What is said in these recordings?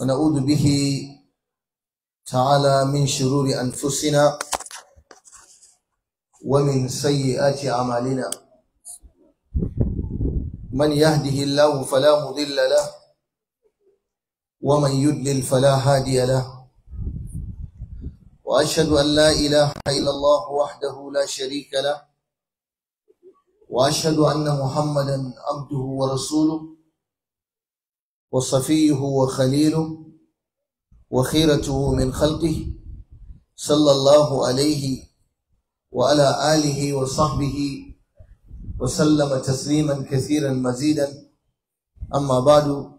ونعوذ به تعالى من شرور أنفسنا ومن سيئات أعمالنا من يهده الله فلا مضل له ومن يدلل فلا هادي له وأشهد أن لا إله إلا الله وحده لا شريك له وأشهد أن محمدا عبده ورسوله وصفيه وخليله وخيرته من خلقه صلى الله عليه وعلى آله وصحبه وسلم تسليما كثيرا مزيدا أما بعد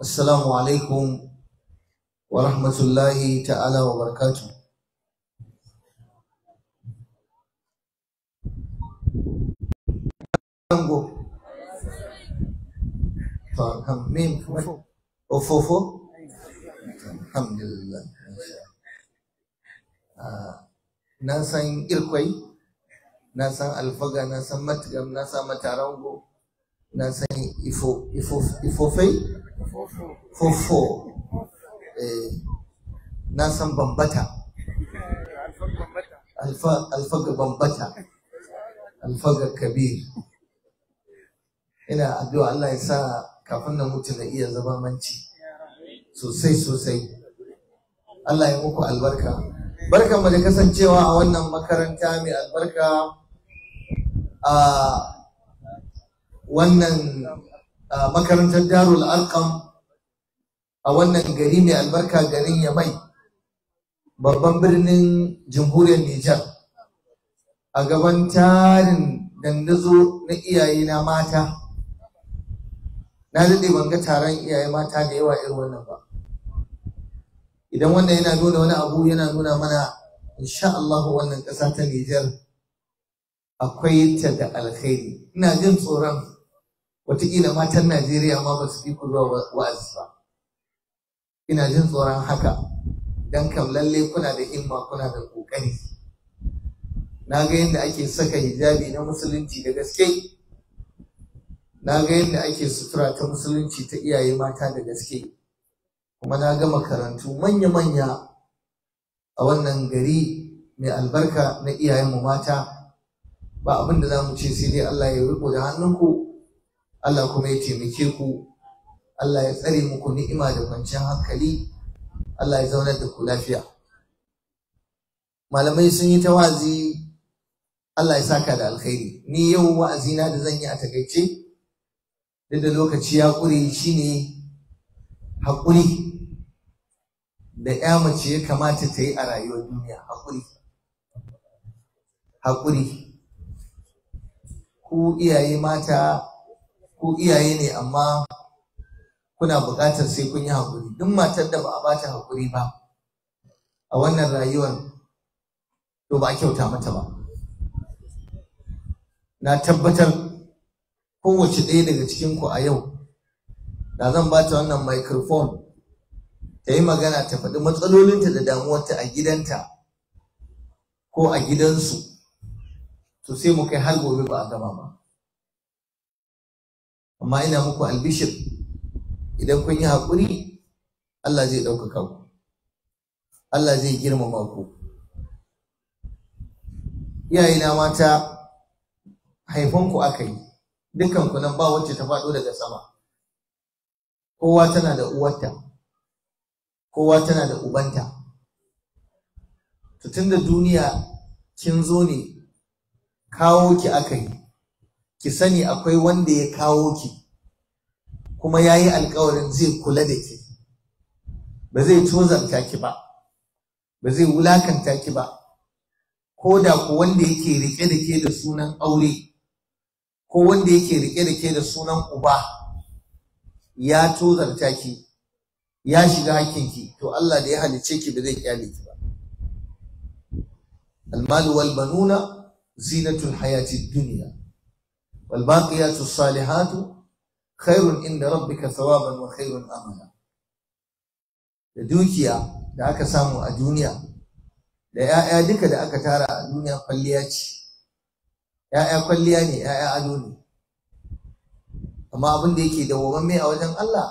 السلام عليكم ورحمة الله تعالى وبركاته Tango. فهم ميم فوفو وفوفو الحمد لله na san irkwai na san alfaga na san matgam na san matarango na san ifofai fofo eh, na san bambata alfaga bambata alfaga kabir ina addu'a Allah ya sa kafin na mutu na iya zama manci sosai sosai Allah ya muku albarka barkan mu da kasancewa a wannan makaranta mai albarka a wannan makarantar darul alqam a wannan gari mai albarka garin yamai babban birnin jamhuriyar nijar a gaban tarin dandazo na iyayena mata na daɗe ban ga taron iyaye mata da yawa irin wannan ba idan wannan yana nuna wani abu yana nuna mana insha Allah wannan ƙasa ta Nijar akwai ta da alkhairi ina jin tsoron wataƙila matan Najeriya ma ba su fi zuwa wa'azi ba ina jin tsoron haka dan kam lalle kuna da himma kuna da kokari na ga yadda ake saka hijabi na musulunci da gaske na ga yadda ake sutura ta musulunci ta iyaye mata da gaske kuma na ga makarantu manya-manya a wannan gari mai albarka na iyayenmu mata ba abin da za mu ce sai dai Allah ya riko da hannunku Allah kuma ya taimake ku Allah ya tsare muku ni'ima da kwanciyar hankali Allah ya zaunar da ku lafiya malamai sun yi ta wa'azi Allah ya saka da alkhairi ni yau wa'azina da zan yi a takaice inda da lokaci ya ƙure ne haƙuri da ya mace ya kamata ta yi a rayuwar duniya haƙuri haƙuri ku iyaye mata ku iyaye ne amma kuna buƙatar sai kun yi haƙuri duk matar da ba a bata haƙuri ba a wannan rayuwar to ba a kyauta mata ba na tabbatar kowace ɗaya daga cikinku a yau da zan ba ta wannan microphone ta yi magana ta faɗi matsalolinta da damuwarta a gidanta ko a gidansu to sai mu kai har gobe ba a gama ba amma ina muku albishir idan kun yi haƙuri Allah zai ɗaukaka ku Allah zai girmama ku iyayena mata haifanku aka yi dukkan ku nan ba wacce ta faɗo daga sama kowa tana da uwarta kowa tana da ubanta to tunda duniya kin zo ne kawo ki aka yi ki sani akwai wanda ya kawo ki kuma ya yi alkawarin zai kula da ke ba zai tozanta ki ba ba zai wulakanta ki ba ko da ku wanda yake rike da ke da sunan aure ko wanda yake rike da ke da sunan uba ya tozarta ki ya shiga hakkinki to Allah da ya halice ki ba zai kyale ki ba المال والبنون زينة الحياة الدنيا Salihatu, الصالحات inda عند ربك ثوابا وخير أملا da dukiya da aka samu a duniya da ‘ya'ya duka da aka tara a duniya kwalliya ce ya'ya kwalliya ne ya'ya ado ne amma abin da yake dawwamamme a wajen Allah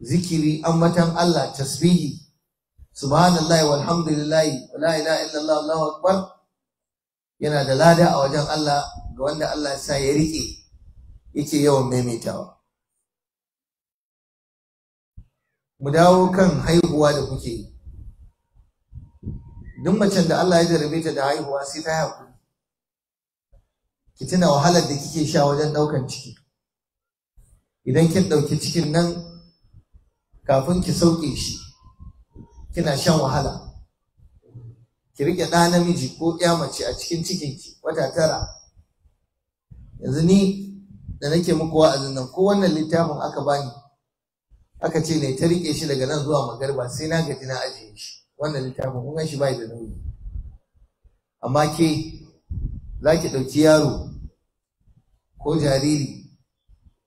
zikiri ammatan Allah tasbihi subhanallahi walhamdulillahi la ilaha illallah Allahu akbar yana da lada a wajen Allah ga wanda Allah ya sa ya rike yake yawan maimaitawa mu dawo kan haihuwa da kuke yi duk macen da Allah ya jarabe ta da haihuwa sai ta haihu ki tuna wahalar da kike sha wajen ɗaukan ciki idan kin ɗauki cikin nan kafin ki sauke shi kina shan wahala ki riƙe ɗa namiji ko ya mace a cikin cikinki wata tara yanzu ni da nake muku wa'azin nan ko wannan littafin aka bani aka ce ne ta riƙe shi daga nan zuwa magarba sai na gaji na ajiye shi wannan littafin kun shi bai da nauyi amma ke za ki ɗauki yaro ko jariri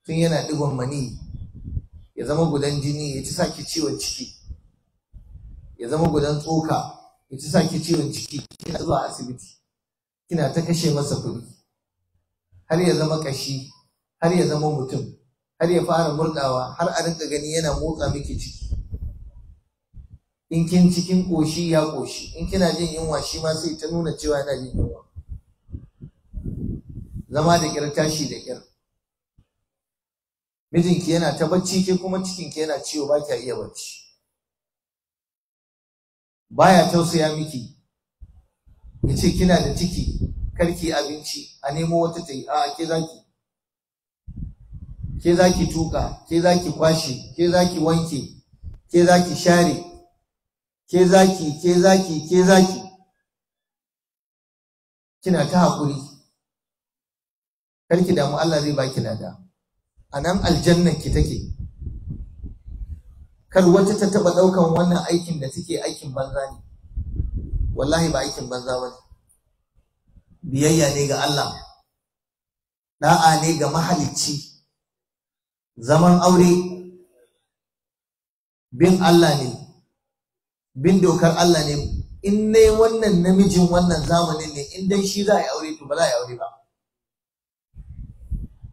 tun yana ɗigon mani ya zama gudan jini ya ci saki ciwon ciki ya zama gudan tsoka ya ci saki ciwon ciki kina zuwa asibiti kina ta kashe masa kuɗi har ya zama ƙashi har ya zama mutum har ya fara murɗawa har a rinka gani yana motsa miki ciki in kin cikin ƙoshi ya ƙoshi in kina jin yunwa shi ma sai ta nuna cewa yana jin yunwa zama da kyar tashi da kyar mijinki yana ta bacci ke kuma cikinki yana ciwo ba kya iya bacci baya tausaya miki ya ce kina da ciki karki abinci a nemo wata ta yi a ke zaki ke zaki tuka ke zaki kwashe ke zaki wanke ke zaki share ke zaki ke zaki ke zaki kina ta haƙuri karki damu Allah zai baki lada a nan aljannan ki take kar wata ta taba daukan wannan aikin da take aikin banza ne wallahi ba aikin banza ba biyayya ne ga Allah da'a ne ga mahalicci zaman aure bin Allah ne bin dokar Allah ne in ne wannan namijin wannan zamanin ne in dai shi za a yi aure to ba za a yi aure ba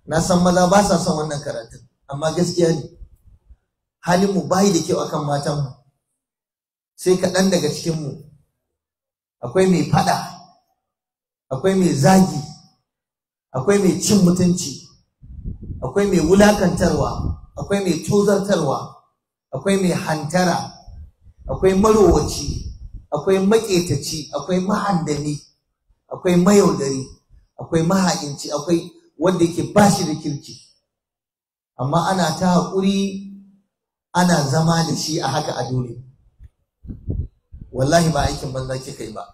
na san maza ba sa son wannan karatun amma gaskiya ne halin mu bayi da kyau akan matan mu sai kaɗan daga cikin mu akwai mai faɗa akwai mai zagi akwai mai cin mutunci akwai mai wulakantarwa akwai mai tozartarwa akwai mai hantara akwai marowaci akwai maƙetaci akwai mahandami akwai mayaudari akwai mahaƙinci akwai wanda yake ba shi da kirki amma ana ta haƙuri ana zama da shi a haka a dole wallahi ba aikin banza kika yi ba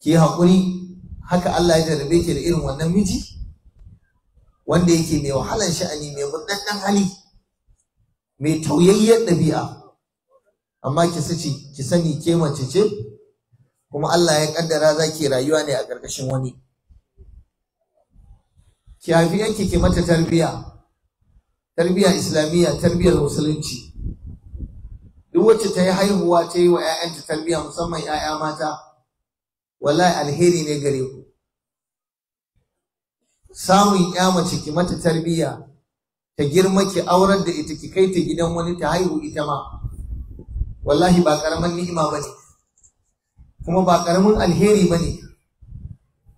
ki haƙuri haka Allah ya jarabe ki da irin wannan miji wanda yake mai wahalar sha'ani mai murɗaɗɗen hali mai tauyayyen ɗabi'a amma ki sace ki sani ke mace ce kuma Allah ya kaddara zaki rayuwa ne a ƙarƙashin wani ki haifi yanki ki mata tarbiya tarbiya islamiyya tarbiyar musulunci duk wacce ta yi haihuwa ta yi wa 'ya'yanta tarbiya musamman 'ya'ya mata wallahi alheri ne gare ku samun 'ya mace ki mata tarbiya ta girma ki aurar da ita ki kai ta gidan wani ta haihu ita ma wallahi ba karamin ni'ima bane kuma ba karamin alheri bane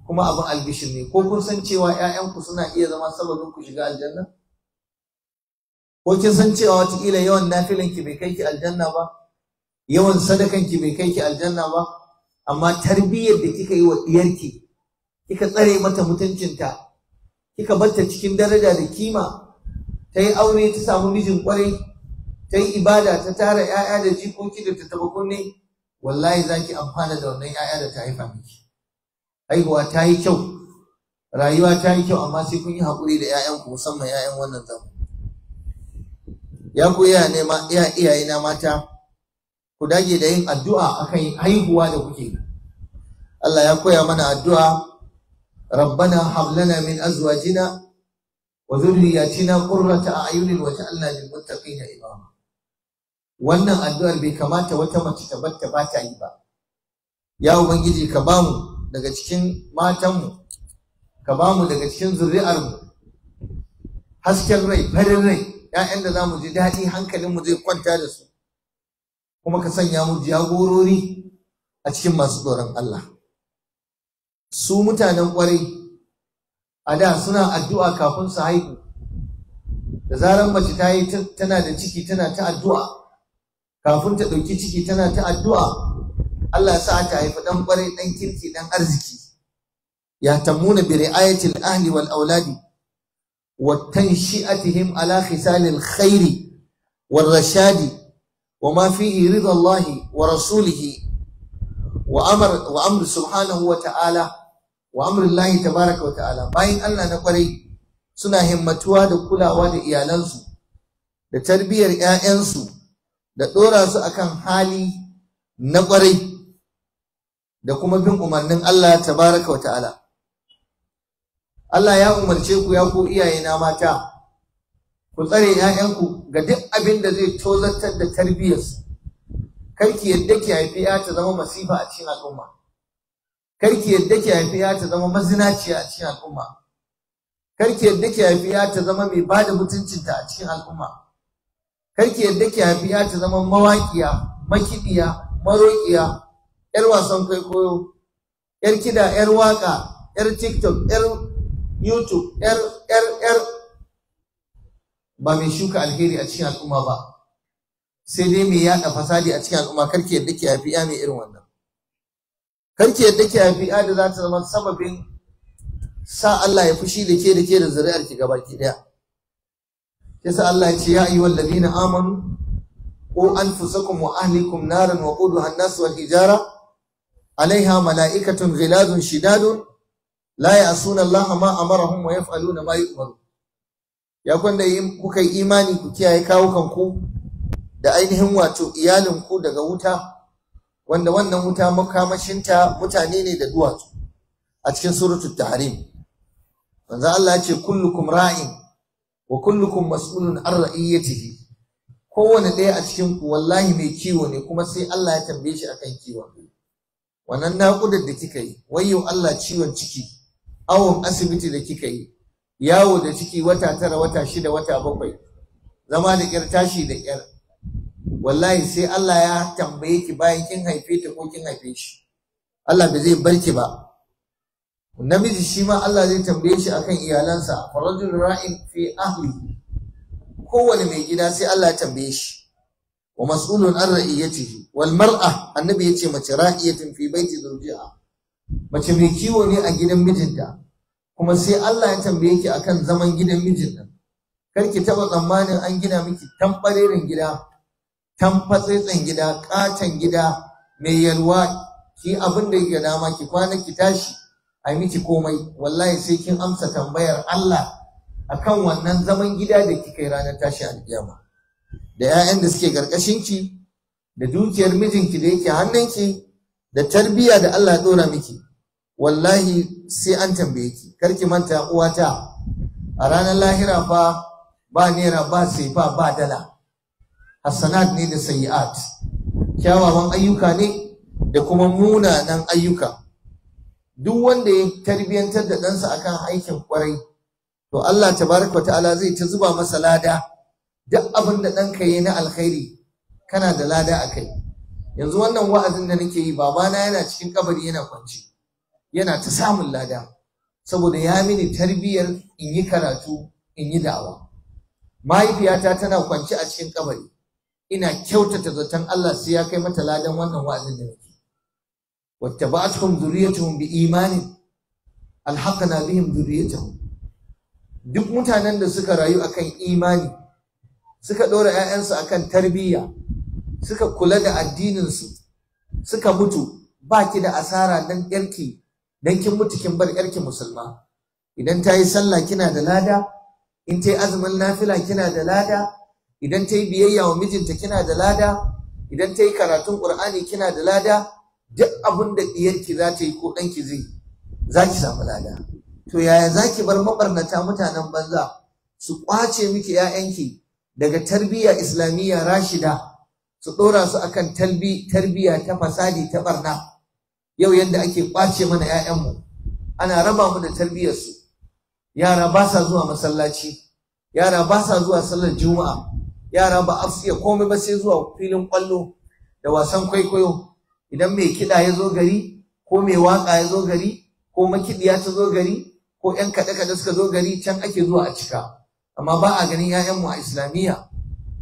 kuma abin albishir ne ko kun san cewa 'ya'yanku suna iya zama sababin ku shiga aljanna ko kin san cewa watakila yawan nafilan ki bai kai ki aljanna ba yawan sadakan ki bai kai ki aljanna ba amma tarbiyyar da kika yi wa diyarki kika tsare mata mutuncinta kika barta cikin daraja da kima ta yi aure ta samu mijin kwarai ta yi ibada ta tara 'ya'ya da jikoki da ta taba kunne wallahi zaki amfana da wannan 'ya'ya da ta haifa miki haihuwa ta yi kyau rayuwa ta yi kyau amma sai kun yi haƙuri da 'ya'yanku musamman 'ya'yan wannan zamu ya ku iya nema iya iyaye mata ku dage da yin addu'a akan haihuwa da kuke Allah ya koya mana addu'a min azwajina wa dhurriyyatina qurrata a'yunin wa ja'alna lil muttaqina imama wannan addu'ar bai kamata wata mace ta bata yi ba ya ubangiji ka bamu daga cikin matanmu ka ba mu daga cikin zuri'armu hasken rai farin rai ‘ya'yan da za mu ji daɗi mu zai kwanta da su kuma ka sanya mu jagorori a cikin masu tsoron Allah su mutanen kwarai a da suna addu'a kafin su haihu da zarar mace ta yi tana da ciki tana ta addu'a kafin ta ɗauki ciki tana ta addu'a Allah sa aka haifa dan kwarai dan kirki dan arziki ya tamuna bi ri'ayatil ahli wal auladi wa tanshi'atihim ala al khairi wal rashad wa ma fihi ridha Allah wa rasulih wa amr wa amr subhanahu wa ta'ala wa amr Allah tabaaraka wa ta'ala bayin Allah na kwarai suna himmatuwa da kulawa da iyalansu da tarbiyar 'ya'yansu da ɗora su akan hali na kwarai. da kuma bin umarnin Allah Ya tabaraka wa ta'ala Allah ya umarce ku ya ku iyayena mata ku tsare 'ya'yanku ga duk abin da zai tozartar da tarbiyyarsu kar ki yadda ki haifi ya ta zama masifa a cikin al'umma kar ki yadda ki haifi ya ta zama mazinaciya a cikin al'umma kar ki yadda ki haifi ya ta zama mai bada mutuncinta a cikin al'umma kar ki yadda ki haifi ya ta zama mawaƙiya makiɗiya maroƙiya 'yar wasan kwaikwayo 'yar kida 'yar waka 'yar tiktok 'yar youtube 'yar 'yar ba mai shuka alheri a cikin al'umma ba sai dai mai yaɗa fasadi a cikin al'umma karki yadda ke haifi mai irin wannan karki yadda ke haifi da za ta zama sababin sa Allah ya fushi da ke da ke da zuri'ar ki gaba ki daya yasa Allah ya ce ya ayyuhal ladina amanu qu anfusakum wa ahlikum naran wa quduha an-nas wal hijara alaiha mala'ikatun ghilazun shidadun la ya'suna Allah ma amarahum wa yaf'aluna ma yu'maru ya kwanda in kuka yi imani ku kiyaye kawukan ku da ainihin wato iyalinku daga wuta wanda wannan wuta makamashinta mutane ne da duwatsu a cikin suratul tahrim manzo Allah ya ce kullukum ra'in wa kullukum mas'ulun an ra'iyatihi kowane ɗaya a cikin ku wallahi mai kiwo ne kuma sai Allah ya tambaye shi akan kiwon wannan naƙudar da kika yi wayo Allah ciwon ciki awon asibiti da kika yi yawo da ciki wata tara wata shida wata bakwai zama da ƙyar tashi da ƙyar wallahi sai Allah ya tambaye ki bayan kin haife ta ko kin haife shi Allah ba zai bar ba namiji shi ma Allah zai tambaye shi akan iyalansa farajul ra'in fi ahli kowane mai gida sai Allah ya tambaye shi wa mas'ulun an ra'iyatihi wal mar'a annabi yace mace ya fi baiti zawjiha mace mai kiwo ne a gidan mijinta kuma sai Allah ya tambaye ki akan zaman gidan mijin kar ki taba tsammanin an gina miki tambarerin gida tamfatsetsen gida katon gida mai yalwa ki abin da yake dama ki kwana ki tashi a miki komai wallahi sai kin amsa tambayar Allah akan wannan zaman gida da kika yi ranar tashi alkiyama da 'ya'yan da suke karkashin ki da dukiyar mijinki da yake hannunki da tarbiyya da Allah ya dora miki wallahi sai an tambaye ki karki manta uwata a ranar lahira fa ba naira ba fa ba dala hasanat ne da sayi'at kyawawan ayyuka ne da kuma munanan ayyuka duk wanda ya tarbiyantar da ɗansa akan aikin kwarai to Allah tabaraka ta'ala zai ta zuba masa lada duk abin da ɗanka yi na alkhairi kana da lada a kai yanzu wannan wa'azin da nake yi babana yana cikin kabari yana kwanci, yana ta samun lada saboda ya mini tarbiyyar in yi karatu in yi da'awa mahaifiyata tana kwanci a cikin kabari ina kyautata zaton Allah sai ya kai mata ladan wannan wa'azin da nake wattaba'atuhum dhurriyyatuhum bi imanin alhaqna bihim dhurriyyatuhum duk mutanen da suka rayu akan imani suka ɗora 'ya'yansu akan tarbiyya suka kula da addininsu suka mutu ba ki da asara dan yarki dan kin mutu kin bar yarki musulma idan ta yi sallah kina da lada in ta yi azumin nafila kina da lada idan ta yi biyayya wa mijinta kina da lada idan ta yi karatun qur'ani kina da lada duk abin da diyarki za ta yi ko ɗanki zai za ki samu lada to yaya za ki bar mabarnata mutanen banza su kwace miki 'ya'yanki daga tarbiyya islamiyya rashida su ɗora su akan talbi tarbiya ta fasadi ta barna yau yadda ake ɓace mana 'ya'yanmu ana raba mu da tarbiyarsu yara ba sa zuwa masallaci yara ba sa zuwa sallar juma'a yara ba a fiye komai ba sai zuwa filin ƙwallo da wasan kwaikwayo idan mai kiɗa ya zo gari ko mai waƙa ya zo gari ko makiɗiya ta zo gari ko 'yan kaɗe-kaɗe suka zo gari can ake zuwa a cika amma ba a ganin 'ya'yanmu a islamiyya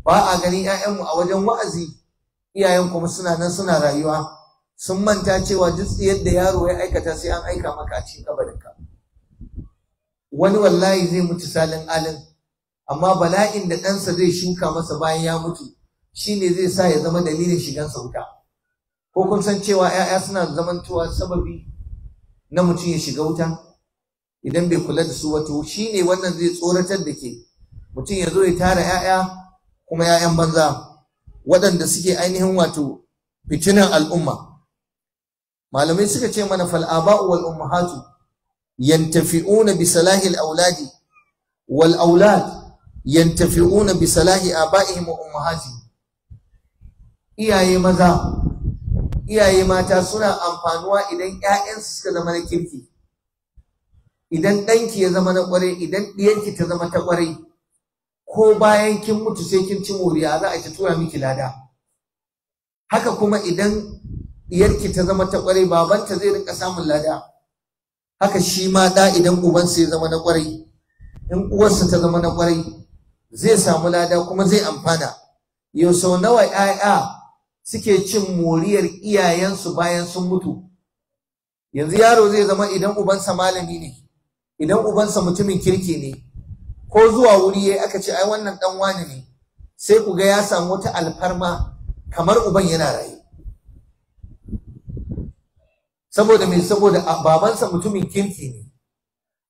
ba a ganin 'ya'yanmu a wajen wa'azi iyayen kuma suna nan suna rayuwa sun manta cewa duk yadda yaro ya aikata sai an aika maka a cikin ka wani wallahi zai mutu salin alin amma bala'in da ɗansa zai shuka masa bayan ya mutu shine zai sa ya zama dalilin shigansa wuta ko kun san cewa 'ya'ya suna zamantowa sababi na mutum ya shiga wuta idan bai kula da su wato ne wannan zai tsoratar da ke mutum ya zo ya tara 'ya'ya kuma 'ya'yan banza waɗanda suke ainihin wato fitinan al'umma malamai suka ce mana fal'aba'u wal ummahatu yantafi'una bi salahil auladi wal aulad yantafi'una bi salahi aba'ihim wa ummahatihim iyaye maza iyaye mata suna amfanuwa idan 'ya'yansu suka zama na kirki idan ɗanki ya zama na ƙwarai idan ɗiyanki ta zama ta ƙwarai ko bayan kin mutu sai kin ci moriya za a ki tura miki lada haka kuma idan iyarki ta zama ta kwarai babanta zai rinka samun lada haka shi ma da idan ubansa ya zama na kwarai in uwarsa ta zama na kwarai zai samu lada kuma zai amfana yau sau nawa 'ya'ya suke cin moriyar iyayensu bayan sun mutu yanzu yaro zai zama idan ubansa malami ne idan ubansa mutumin kirki ne ko zuwa wuri yayi aka ce ai wannan dan wani ne sai ku ga ya samu wata alfarma kamar uban yana raye saboda me saboda babansa mutumin kirki ne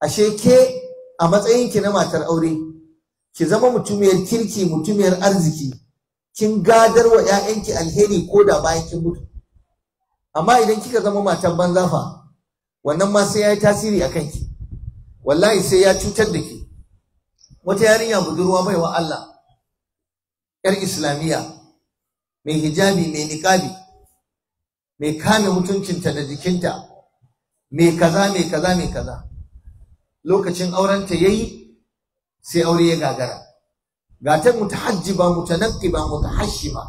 ashe ke a matsayin ki na matar aure ki zama mutumiyar kirki mutumiyar arziki kin gadar wa ƴaƴanki alheri ko da bayan kin mutu amma idan kika zama matar banza fa wannan ma sai ya yi tasiri a kanki wallahi sai ya cutar da ki wata yarinya budurwa wa Allah yar islamiyya mai hijabi mai niqabi, mai kame mutuncinta da jikinta mai kaza mai kaza mai kaza lokacin aurenta yayi sai aure ya gagara ga ta mutahajjiba mutanaqqiba mutahashshima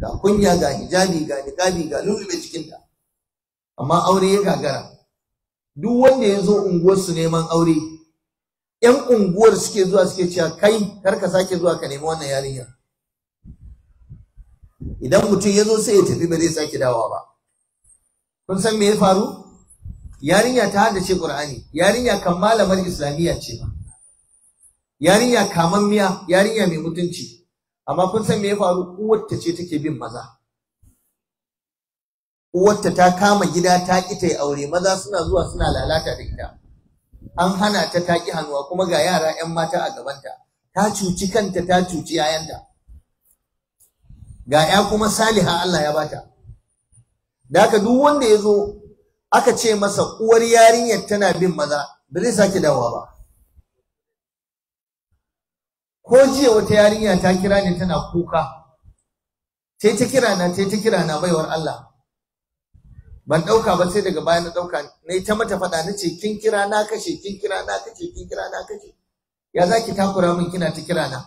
ga kunya ga hijabi ga niqabi ga lulube jikinta. amma aure ya gagara duk wanda ya zo unguwarsu neman aure yan unguwar suke zuwa suke cewa kai kar ka sake zuwa ka nemi wannan yarinya idan mutum ya zo sai ya tafi ba zai sake dawowa ba kun san me ya faru yarinya ta ce qur'ani yarinya kan malamar islamiyya ce ba yarinya miya, yarinya mai mutunci amma kun san me ya faru uwarta ce take bin maza uwarta ta kama gida ta ki aure maza suna zuwa suna lalata da ita an hana ta ta ki hannuwa kuma ga yara 'yan mata a gabanta ta cuci kanta ta cuci yayanta ga ya kuma saliha Allah ya bata da haka duk wanda ya zo aka ce masa uwar yarinyar tana bin maza ba zai sake dawowa ba ko jiya wata yarinya ta kira ni tana kuka sai ta kira na sai ta kira na baiwar Allah ban ɗauka ba sai daga baya na ɗauka na ta mata faɗa na ce kin kira na kashe kin kira na kashe kin kira na kashe ya za ki takura min kina ta kira na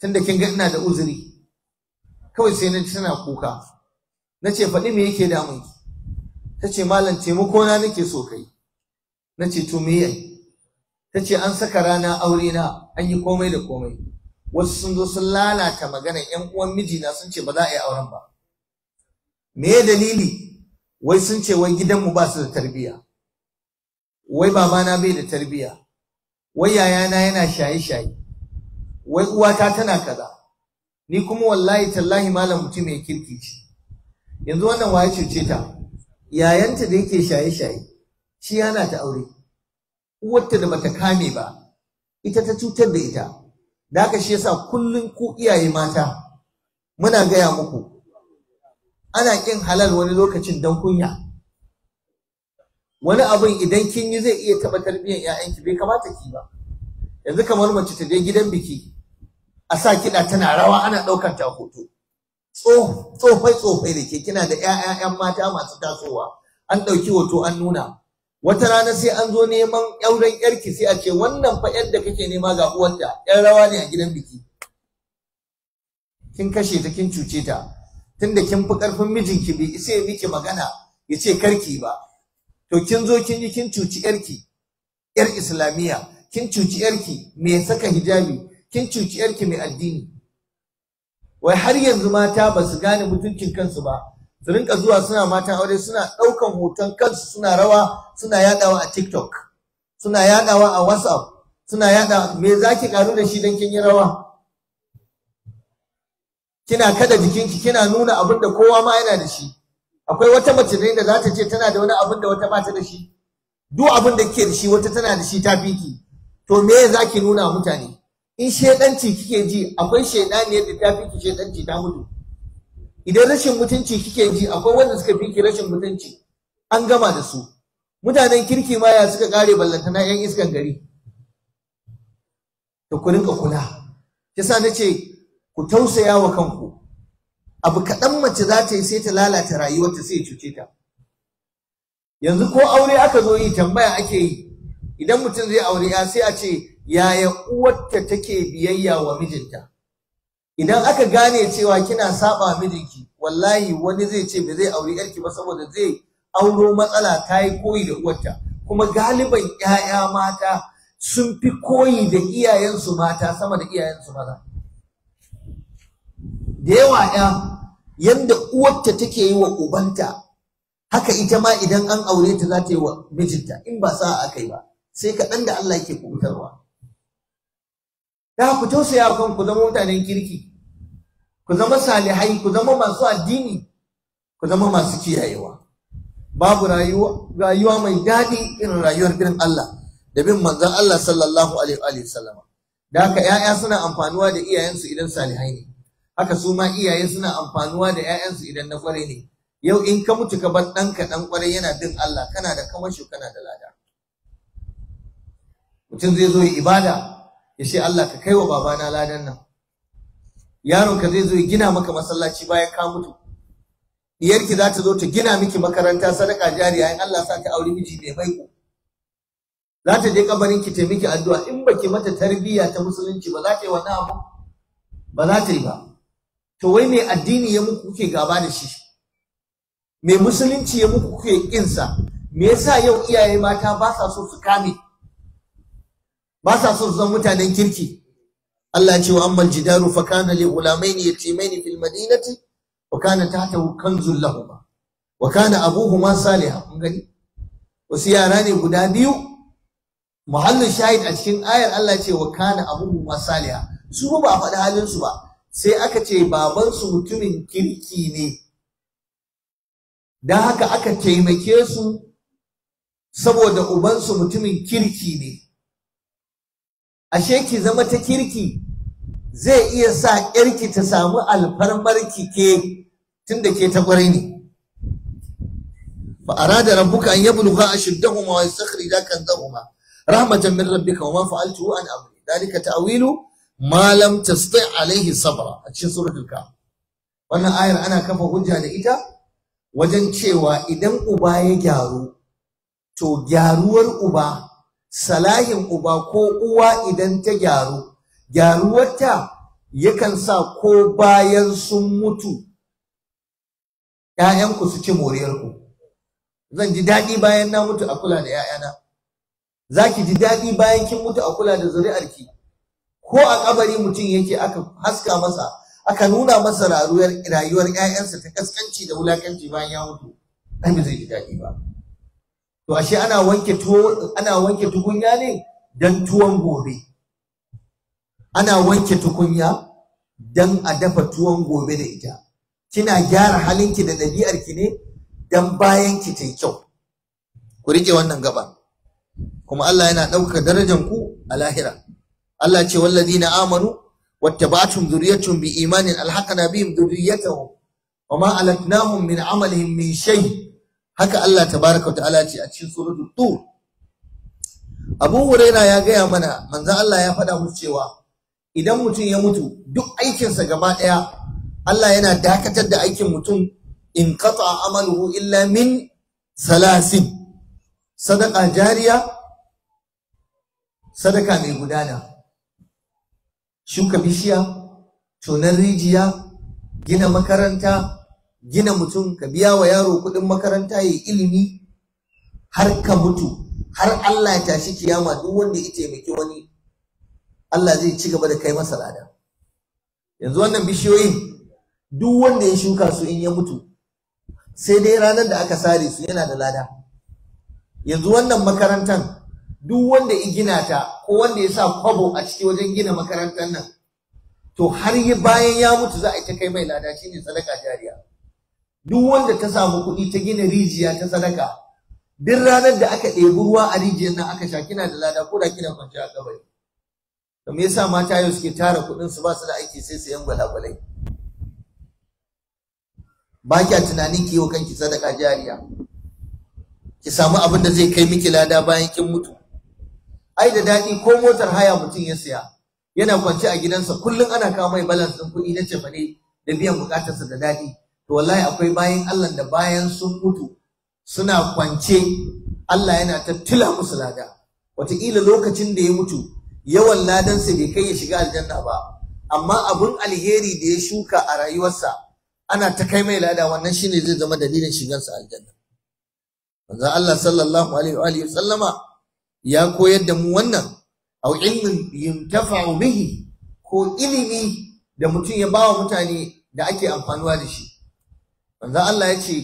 tunda kin ga ina da uzuri kawai sai na tana kuka na ce faɗi me yake damun ki ta ce malam taimako na nake so kai na ce to me yayi ta ce an saka rana aure na an yi komai da komai wasu sun zo sun lalata maganar yan uwan mijina sun ce ba za a yi auren ba me ya dalili wai sun ce wai gidanmu ba su da tarbiya wai babana bai da tarbiya wai yayana yana shaye-shaye wai uwata tana kaza ni kuma wallahi tallahi malam mutum mai kirki ce yanzu wannan waye cuce ta yayanta da yake shaye-shaye shi yana ta aure uwarta da bata kame ba ita ta cutar da ita da haka shi yasa kullum ku iyaye mata muna gaya muku ana kin halal wani lokacin dan kunya wani abin idan kin yi zai iya taba tarbiyyar 'ya'yanki bai kamata ki ba yanzu kamar mace ta je gidan biki a sa kiɗa tana rawa ana daukar ta hoto tsofai tsofai da ke kina da 'ya'yan mata masu tasowa an ɗauki hoto an nuna wata rana sai an zo neman auren yarki sai a ce wannan fa yadda kake nema ga uwarta 'yan rawa ne a gidan biki kin kashe ta kin cuce ta tunda kin fi karfin mijinki bai isa ya miki magana ya ce karki ba to kin zo kin yi kin cuci yarki yar islamiyya kin cuci yarki mai saka hijabi kin cuci yarki mai addini wai har yanzu mata ba su gane mutuncin kansu ba su rinka zuwa suna mata aure suna ɗaukan hoton kansu suna rawa suna yadawa a tiktok suna yadawa a whatsapp suna yadawa me zaki karu da shi dan kin yi rawa kina kada jikinki kina nuna abin da kowa ma yana da shi akwai wata mace da za ta ce tana da wani abin da wata ba da shi duk abin da kike da shi wata tana da shi ta fiki to me za ki nuna mutane in shedanci kike ji akwai shedani da ta fiki shedanci ta mutu idan rashin mutunci kike ji akwai wanda suka fiki rashin mutunci an gama da su mutanen kirki ma ya suka kare ballantana yan iskan gari to ku rinka kula yasa nace ku tausaya wa kanku abu kaɗan mace za ta yi sai ta lalata rayuwarta sai cuce ta yanzu ko aure aka zo yi tambaya ake yi idan mutum zai aure ya sai a ce yaya uwarta take biyayya wa mijinta idan aka gane cewa kina saba mijinki wallahi wani zai ce ba zai aure yarki ba saboda zai auro matsala ta yi koyi da uwarta kuma galiban 'ya'ya mata sun fi koyi da iyayensu mata sama da iyayensu maza da yawa ya yanda uwarta take yi wa ubanta haka ita ma idan an aure ta za ta yi wa mijinta in ba sa'a aka yi ba sai kaɗan da Allah yake kubutarwa da ku tausaya kan ku zama mutanen kirki ku zama salihai ku zama masu addini ku zama masu kiyayewa babu rayuwa mai daɗi irin rayuwar birin Allah da bin manzon Allah sallallahu alaihi wa da haka 'ya'ya suna amfanuwa da iyayensu idan salihai ne haka su ma iyaye suna amfanuwa da 'ya'yansu idan na kware ne yau in ka mutu ka bar ɗanka ɗan kwarai yana bin Allah kana da shi kana da lada mutum zai zo yi ibada ya ce Allah ka kai wa babana ladan nan Yaron ka zai zo ya gina maka masallaci bayan ka mutu diyarki za ta zo ta gina miki makaranta sadaka jariya in Allah sa ta aure miji mai maiko za ta je kabarin ki taimaki addu'a in baki mata tarbiyya ta musulunci ba za ta yi wannan abu ba za ta yi ba to wai mai addini ya muku kuke gaba da shi mai musulunci ya muku kuke kinsa me yasa yau iyaye mata ba sa so su kame ba sa so su zama mutanen kirki Allah ce wa ammal jidaru fa kana li ghulamaini yatimaini fil madinati wa kana tahtahu kanzul lahum wa kana abuhuma salihan kun gani wasu yara ne guda biyu muhallin shahid a cikin ayar Allah ce wa kana abuhuma salihan su ba a faɗi halin su ba sai aka ce babansu mutumin kirki ne don haka aka taimake su saboda ubansu mutumin kirki ne ashe ki zama ta kirki zai iya sa ƙyarki ta samu alfarmar ke tunda ke ta kwarai ne fa arada rabbuka an wani ashuddahuma da kan zahuma rahmatan min rabbika wa ma fa'altuhu an amri dalika ta'wilu malam tasti alaihi sabra a cikin suratul ka wannan ayar ana kafa hujja da ita wajen cewa idan uba ya gyaru to gyaruwar uba salahin uba ko uwa idan ta gyaru gyaruwarta yakan sa ko bayan sun mutu ‘ya'yanku su ci moriyarku zan ji daɗi bayan na mutu a kula da ‘ya'yana za ki ji daɗi bayan kin mutu a kula da zuri'arki ko a kabari mutum yake aka haska masa aka nuna masa rayuwar rayuwar ƴaƴansa ta kaskanci da wulakanci bayan ya mutu ai ba zai ji daɗi ba to ashe ana wanke ana wanke tukunya ne dan tuwon gobe ana wanke tukunya dan a dafa tuwon gobe da ita kina gyara halinki da ɗabi'arki ne dan bayan ki ta kyau ku rike wannan gaba kuma Allah yana ɗaukaka darajar ku a lahira Allah ce na amanu wattaba'atuhum dhurriyyatuhum biimanin alhaqna bihim dhurriyyatahum wama alatnahum min amalihim min shay haka Allah tabaraka ta'ala ce a cikin suratul tur Abu Huraira ya gaya mana manzon Allah ya faɗa mu cewa idan mutum ya mutu duk aikinsa gaba ɗaya Allah yana dakatar da aikin mutum in qata amaluhu illa min salasin sadaka jariya sadaka mai gudana shuka bishiya tonon rijiya gina makaranta gina mutum ka biya wa yaro kuɗin makaranta ya ilimi har ka mutu har Allah ya tashi kiyama duk wanda ya taimaki wani Allah zai ci gaba da kai masa lada yanzu wannan bishiyoyin duk wanda ya shuka su in ya mutu sai dai ranar da aka sare su yana da lada yanzu wannan makarantar. duk wanda ya gina ta ko wanda ya sa kwabo a ciki wajen gina makarantar nan to har yi bayan ya mutu za a yi ta kai mai lada shine sadaka jariya duk wanda ta samu kuɗi ta gina rijiya ta sadaka duk ranar da aka ɗebi ruwa a rijiyar nan aka sha kina da lada ko da kina kwanci a kabari to me yasa mata yau suke tara kuɗin su ba su da aiki sai su sayan gwalagwalai ba kya tunanin ki yi wa kanki sadaka jariya ki samu abin da zai kai miki lada bayan kin mutu ai da daɗi ko motar haya mutum ya siya yana kwance a gidansa kullum ana kawo mai balance ɗin kuɗi na cefane da biyan buƙatarsa da daɗi to wallahi akwai bayan Allah da bayan sun mutu suna kwance Allah yana ta musu lada wataƙila lokacin da ya mutu yawan ladansa bai kai ya shiga aljanna ba amma abun alheri da ya shuka a rayuwarsa ana ta kai mai lada wannan shine zai zama dalilin shigansa aljanna manzon Allah sallallahu alaihi wa sallama ya koyar da mu wannan aw ilmin yuntafa'u bihi ko ilimi da mutum ya bawa mutane da ake amfanuwa da shi manzo Allah ya ce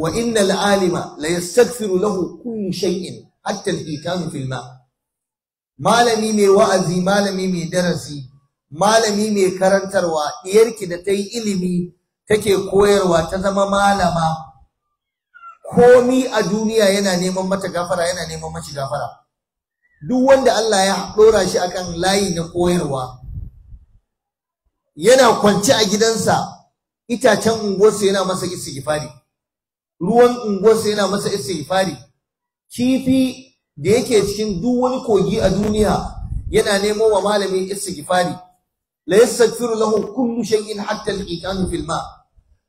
wa innal alima la yastaghfiru lahu kullu shay'in hatta al-hitam fil ma malami mai wa'azi malami mai darasi malami mai karantarwa diyarki da ta yi ilimi take koyarwa ta zama malama komi a duniya yana neman mata gafara yana neman mace gafara duk wanda Allah ya dora shi akan layi na koyarwa yana kwanci a gidansa itacen unguwarsa yana masa istighfari ruwan unguwarsa yana masa istighfari kifi da yake cikin duk wani kogi a duniya yana nemo wa malamin istighfari la yastaghfiru lahu kullu shay'in hatta al-ikan fil ma'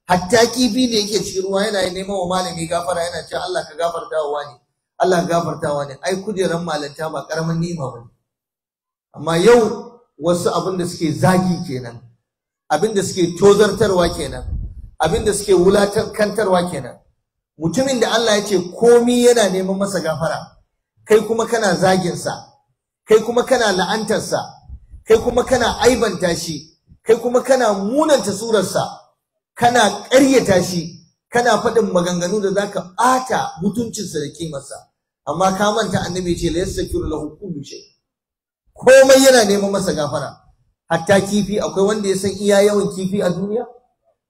hatta kifi da yake cikin ruwa yana neman wa malami gafara yana cewa Allah ka gafarta wa Allah ka gafarta wa ai kujeran malanta ba karamin nima ba ne amma yau wasu abin da suke zagi kenan abin da suke tozartarwa kenan abin da suke wulatar kantarwa kenan mutumin da Allah ya ce komi yana neman masa gafara kai kuma kana zaginsa kai kuma kana la'antarsa kai kuma kana aibanta shi kai kuma kana munanta surarsa kana ƙaryata shi kana faɗin maganganu da zaka ɓata mutuncinsa da kimarsa amma ka manta annabi ce la yastakiru lahu kullu shay komai yana neman masa gafara hatta kifi akwai wanda ya san iya yawan kifi a duniya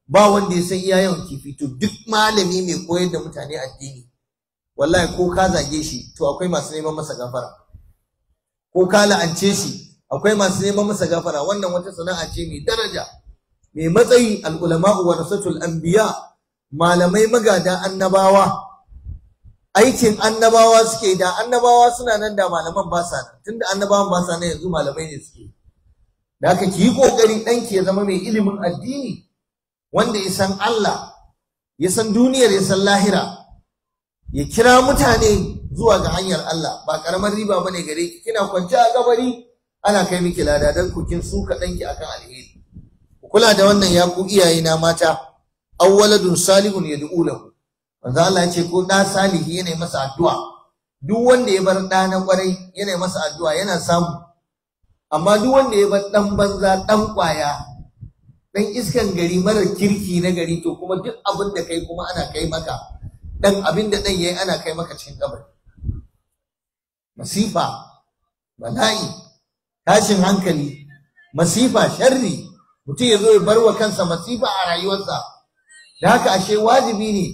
ba wanda ya san iya yawan kifi to duk malami mai koyar da mutane addini wallahi ko ka zage shi to akwai masu neman masa gafara ko ka la'ance shi akwai masu neman masa gafara wannan wata sana'a ce mai daraja mai matsayi al'ulama'u wa rasatul anbiya malamai magada annabawa aikin annabawa suke da annabawa suna nan da malaman ba sa nan tunda annabawan ba sa yanzu malamai ne suke da aka ki yi kokari ɗanki ya zama mai ilimin addini wanda ya san Allah ya san duniyar ya san lahira ya kira mutane zuwa ga hanyar Allah ba karamar riba bane gare ki kina kwance a gabari ana kai miki lada dan ku kin suka ɗanki akan alheri kula da wannan ya ku iyaye na mata awwaladun Salihu salihun yad'u lahu manzo Allah ya ce ko da salihi yana masa addu'a duk wanda ya bar da na kwarai yana masa addu'a yana samu amma duk wanda ya bar dan banza dan kwaya dan iskan gari mara kirki na gari to kuma duk abin da kai kuma ana kai maka dan abin da dan yayi ana kai maka cikin kabari masifa bala'i tashin hankali masifa sharri mutum ya zo ya bar wa kansa masifa a rayuwarsa da haka ashe wajibi ne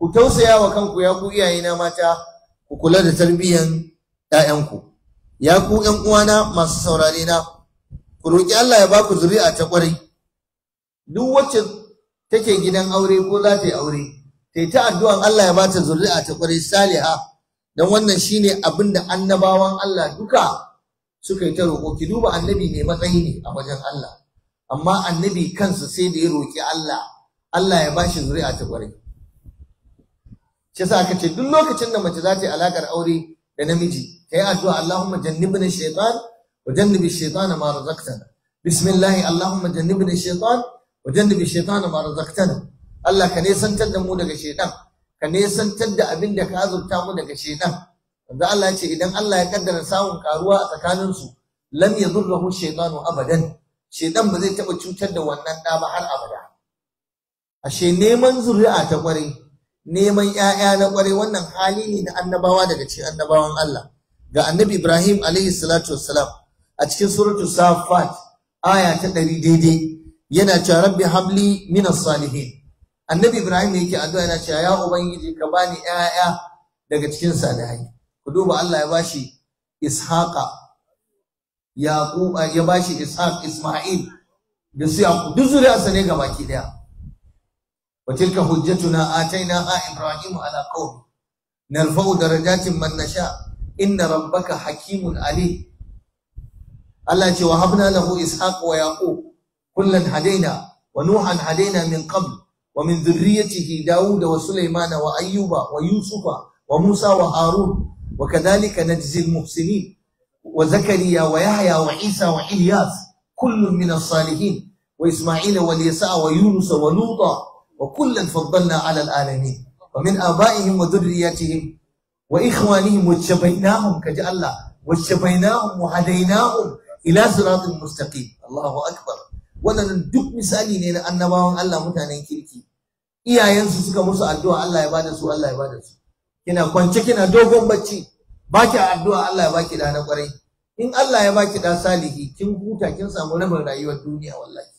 ku tausaya wa kanku ya ku na mata ku kula da tarbiyyan ƴaƴanku ya ku ƴan uwana masu saurare na ku roki Allah ya baku zuri'a ta kwarai duk wacce take gidan aure ko za ta yi aure ta yi ta addu'an Allah ya ba ta zuri'a ta kwarai saliha dan wannan shine abin da annabawan Allah duka suka yi ta roƙo ki duba annabi mai matsayi ne a wajen Allah amma annabi kansa sai da ya roƙi Allah Allah ya bashi zuri'a ta ƙwarai shi yasa aka ce duk lokacin da mace za ta yi alaƙar aure da namiji ta yi addu'a Allahumma jannibna shaytan wa jannibi shaytan ma razaqtana bismillah Allahumma jannibna shaytan wa jannibi shaytan ma razaqtana Allah ka nesantar da mu daga shaytan ka nesantar da abin da ka azurta mu daga shaytan wanda Allah ya ce idan Allah ya kaddara samun karuwa a tsakaninsu lam yadurruhu shaytanu abadan shedan ba zai taɓa cutar da wannan ɗa ba har abada ashe neman zuri'a ta ƙwarai neman 'ya'ya na ƙwarai wannan hali ne na annabawa daga cikin annabawan Allah ga annabi Ibrahim alaihi salatu wassalam a cikin suratul safat aya ta ɗari daidai yana cewa rabbi habli minas salihin annabi Ibrahim yake addu'a yana cewa ya ubangiji ka bani 'ya'ya daga cikin salihai ku duba Allah ya bashi ishaqa yaquba ya bashi ishaq isma'il da su yaqub duk zuriyarsa ne ga baki daya wa tilka hujjatuna ataina a ibrahim ala qaumi narfa'u darajatin man nasha inna rabbaka hakimun alim Allah ce wa habna lahu ishaq wa yaqub kullan hadaina wa nuhan hadaina min qabl wa Yusufa wa Musa wa Harun wa وهارون وكذلك نجزي muhsinin وزكريا ويحيى وعيسى وإلياس كل من الصالحين وإسماعيل واليسع ويونس ولوطا وكلا فضلنا على العالمين ومن آبائهم وذرياتهم وإخوانهم واجتبيناهم كجعلنا واجتبيناهم وهديناهم إلى صراط مستقيم الله أكبر wannan duk misali ne na annabawan Allah mutanen kirki iyayensu suka musu addu'a Allah ya bada su Allah ya bada su kina kwance kina dogon bacci baki ki addu'a Allah ya baki da na kwarai in Allah ya baki da salihi kin huta kin samu rabin rayuwar duniya wallahi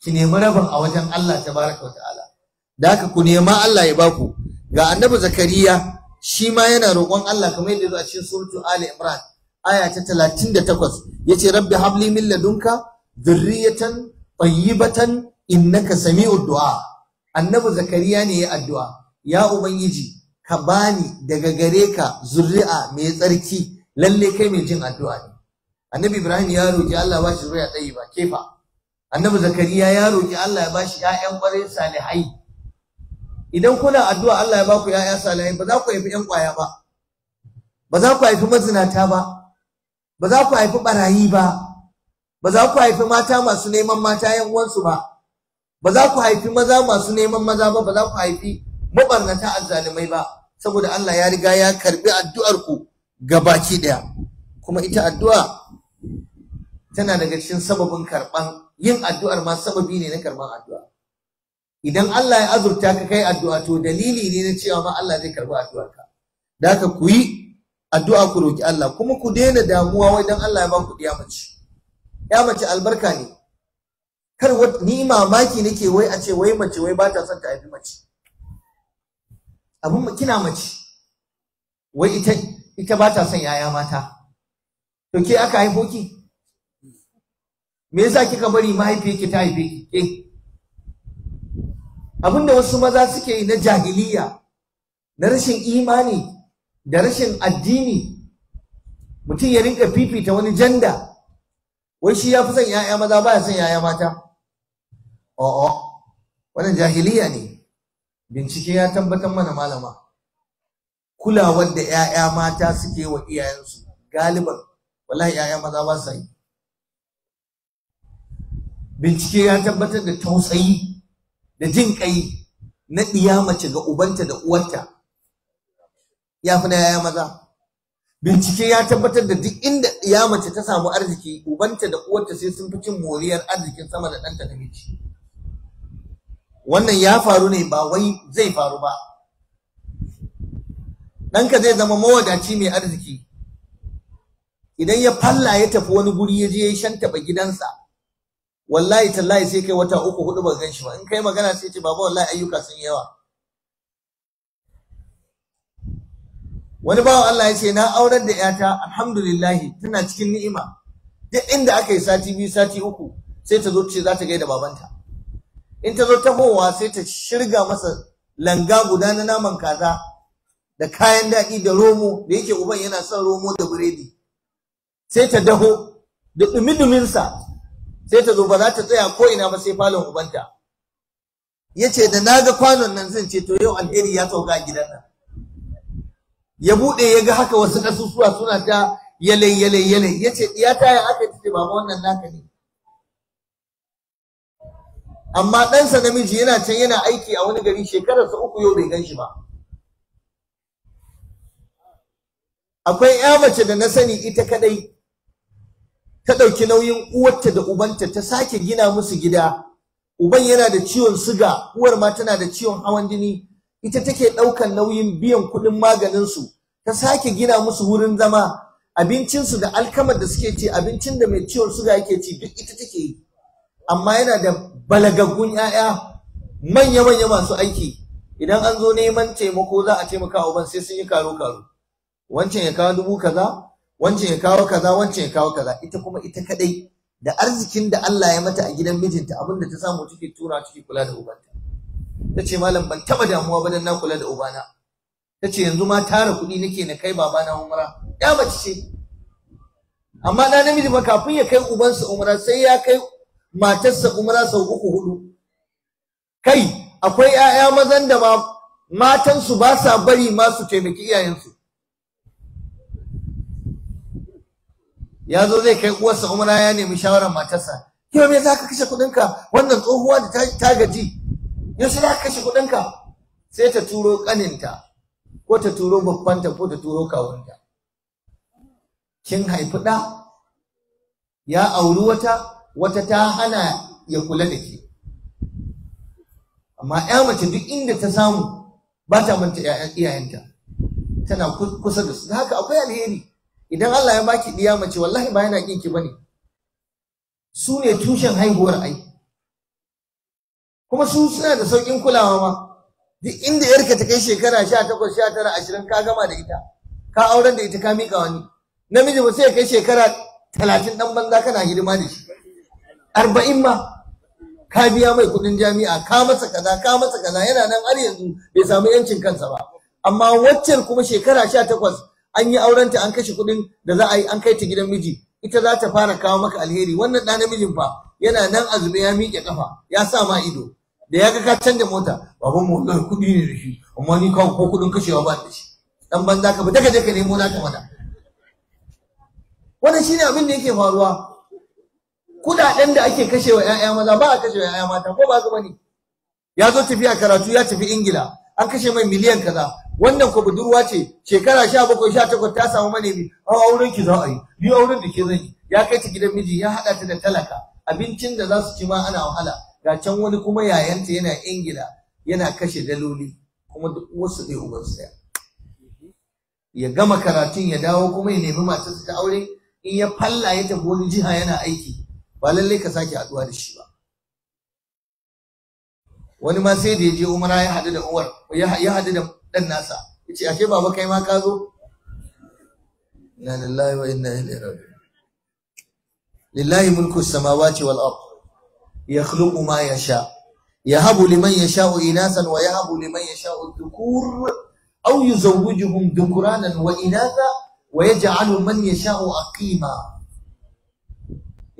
ki nemi rabin a wajen Allah tabaraka ta'ala da haka ku nema Allah ya baku ga annabi zakariya shi ma yana roƙon Allah kamar yadda zo a cikin suratul ali imran aya ta 38 yace rabbi habli min ladunka dhurriyatan tayyibatan innaka sami'ud du'a annabi zakariya ne ya addu'a ya ubangiji ka bani daga gare ka zuri'a mai tsarki lalle kai mai jin addu'a ne annabi ibrahim ya roki Allah ba shi zuri'a tsayi ba ke fa. annabi zakariya ya roki Allah ya bashi ƴaƴan ƙwarai salihai idan kuna addu'a Allah ya baku ƴaƴa salihai ba za ku haifi ƴan ƙwaya ba ba za ku haifi mazinata ba ba za ku haifi barayi ba ba za ku haifi mata masu neman mata ƴan uwansu ba ba za ku haifi maza masu neman maza ba ba za ku haifi mabarnata azzalimai ba saboda Allah ya riga ya karbi addu'ar ku gabaki daya kuma ita addu'a tana daga cikin sababin karban yin addu'ar ma sababi ne na karban addu'a idan Allah ya azurta ka kai addu'a to dalili ne na cewa ma Allah zai karbi addu'ar ka da haka ku yi addu'a ku roki Allah kuma ku daina damuwa wai dan Allah ya ba ku mace ya mace albarka ne kar ni mamaki nake wai a ce wai mace wai ba ta son ta haifi mace abin mu kina mace wai ita ita ba ta son yaya mata to ke aka haifo ki me yasa kika bari mahaifi ki ta haife ki eh abinda wasu maza suke yi na jahiliya na rashin imani da rashin addini mutum ya rinka fifita wani janda wai shi ya fi son yaya maza ba ya son yaya mata o'o wannan jahiliya ne bincike ya tabbatar mana malama kulawar da 'ya'ya mata suke wa iyayensu galiban wallahi 'ya'ya maza ba su yi bincike ya tabbatar da tausayi da jin kai na iya mace ga ubanta da uwarta ya fi na 'ya'ya maza bincike ya tabbatar da duk inda ya mace ta samu arziki ubanta da uwarta sai sun fi cin moriyar arzikin sama da ɗanta da miji wannan ya faru ne ba wai zai faru ba ɗanka zai zama mawadaci mai arziki idan ya falla ya tafi wani guri ya je ya shantaba gidansa wallahi tallahi sai kai wata uku hudu ba gan shi ba in kai magana sai ce baba wallahi ayyuka sun yawa wani bawa Allah ya ce na aurar da yata alhamdulillahi tana cikin ni'ima duk inda aka yi sati biyu sati uku sai ta zo ce za ta gaida babanta in ta zo tahowa sai ta shirga masa langa guda na naman kaza da kayan daɗi da romo da yake uban yana son romo da biredi sai ta daho da ɗumi-ɗuminsa sai ta zo ba za ta tsaya ko ina ba sai falon ubanta ya ce da na ga kwanon nan zan ce to yau alheri ya sauka a gidan nan ya buɗe ya ga haka wasu ƙasusuwa suna ta yale yale yale ya ce ya taya aka ce ba wannan naka ne amma ɗansa namiji yana can yana aiki a wani gari shekararsa uku yau bai gan shi ba akwai ya mace da na sani ita kadai ta ɗauki nauyin uwarta da ubanta ta sake gina musu gida uban yana da ciwon suga, uwar ma tana da ciwon hawan jini ita take ɗaukan nauyin biyan kuɗin maganinsu ta sake gina musu wurin zama abincinsu da alkamar da suke ci abincin da mai ciwon suga yake ci duk ita take yi amma yana da balagaggun 'ya'ya manya-manya masu aiki idan an zo neman taimako za a taimaka uban sai sun yi karo-karo wancan ya kawo dubu kaza wancan ya kawo kaza wancan ya kawo kaza ita kuma ita kadai da arzikin da Allah ya mata a gidan mijinta abin da ta samu take tura take kula da ubanta ta ce malam ban taba damuwa ba dan na kula da ubana ta ce yanzu ma tara kuɗi nake na kai babana umra ya mace ce amma na namiji ba kafin ya kai ubansa umra sai ya kai matarsa za sau uku hudu kai akwai 'ya'ya mazan da ma matansu ba sa bari ma su taimaki iyayensu ya zo zai kai uwarsa umra ya nemi shawarar matarsa yau me za ka kashe kuɗinka wannan tsohuwa da ta gaji yaushe za ka kashe kuɗinka sai ta turo ƙaninta ko ta turo babbanta ko ta turo kawunta kin haifi ɗa ya auri wata wata ta hana ya kula da ke amma ya mace duk inda ta samu ba ta manta iyayenta tana kusa da su haka akwai alheri idan Allah ya baki ɗiya mace wallahi ba yana kinki bane su ne tushen haihuwar ai kuma su suna da saukin kulawa ma duk inda yarka ta kai shekara sha takwas sha ka gama da ita ka auren da ita ka mika wani namiji ba sai ya kai shekara talatin dan banza kana hidima da shi arba'in ma ka biya mai kudin jami'a ka masa kaza ka masa kaza yana nan har yanzu bai samu yancin kansa ba amma waccan kuma shekara sha takwas an yi aurenta an kashe kudin da za a yi an kai ta gidan miji ita za ta fara kawo maka alheri wannan ɗan namijin fa yana nan azumi ya miƙe kafa ya sa ma ido da ya ga ka canja mota baban mu wallahi kudi ne da shi amma ni kawo ko kudin kashewa ba da shi dan banza ka fita ka je ka nemo naka mata wannan shine abin da yake faruwa kudaden da ake kashewa ƴaƴa maza ba a kashewa ƴaƴa mata ko ba gaba ne ya zo tafiya karatu ya tafi ingila an kashe mai miliyan kaza wannan ko budurwa ce shekara sha bakwai ta samu manemi a auren ki za a yi ni auren da ke zan yi ya kai ta gidan miji ya haɗa ta da talaka abincin da za su ci ma ana wahala ga can wani kuma yayanta yana ingila yana kashe daloli kuma duk wasu ɗaya uban saya ya gama karatun ya dawo kuma ya nemi matarsa ta aure in ya falla ya tafi wani jiha yana aiki ba lallai ka sake haɗuwa da shi ba wani ma sai da ya je umara ya hadu da uwar ya hadu da ɗan nasa ya ce ashe baba kai ma ka zo inna lillahi wa inna ilaihi raji'un lillahi mulku samawati wal ard yakhluqu ma yasha yahabu liman yasha'u inasan wa yahabu liman yasha'u dhukur aw yuzawwijuhum dhukranan wa inatha wa yaj'alu man yasha'u aqima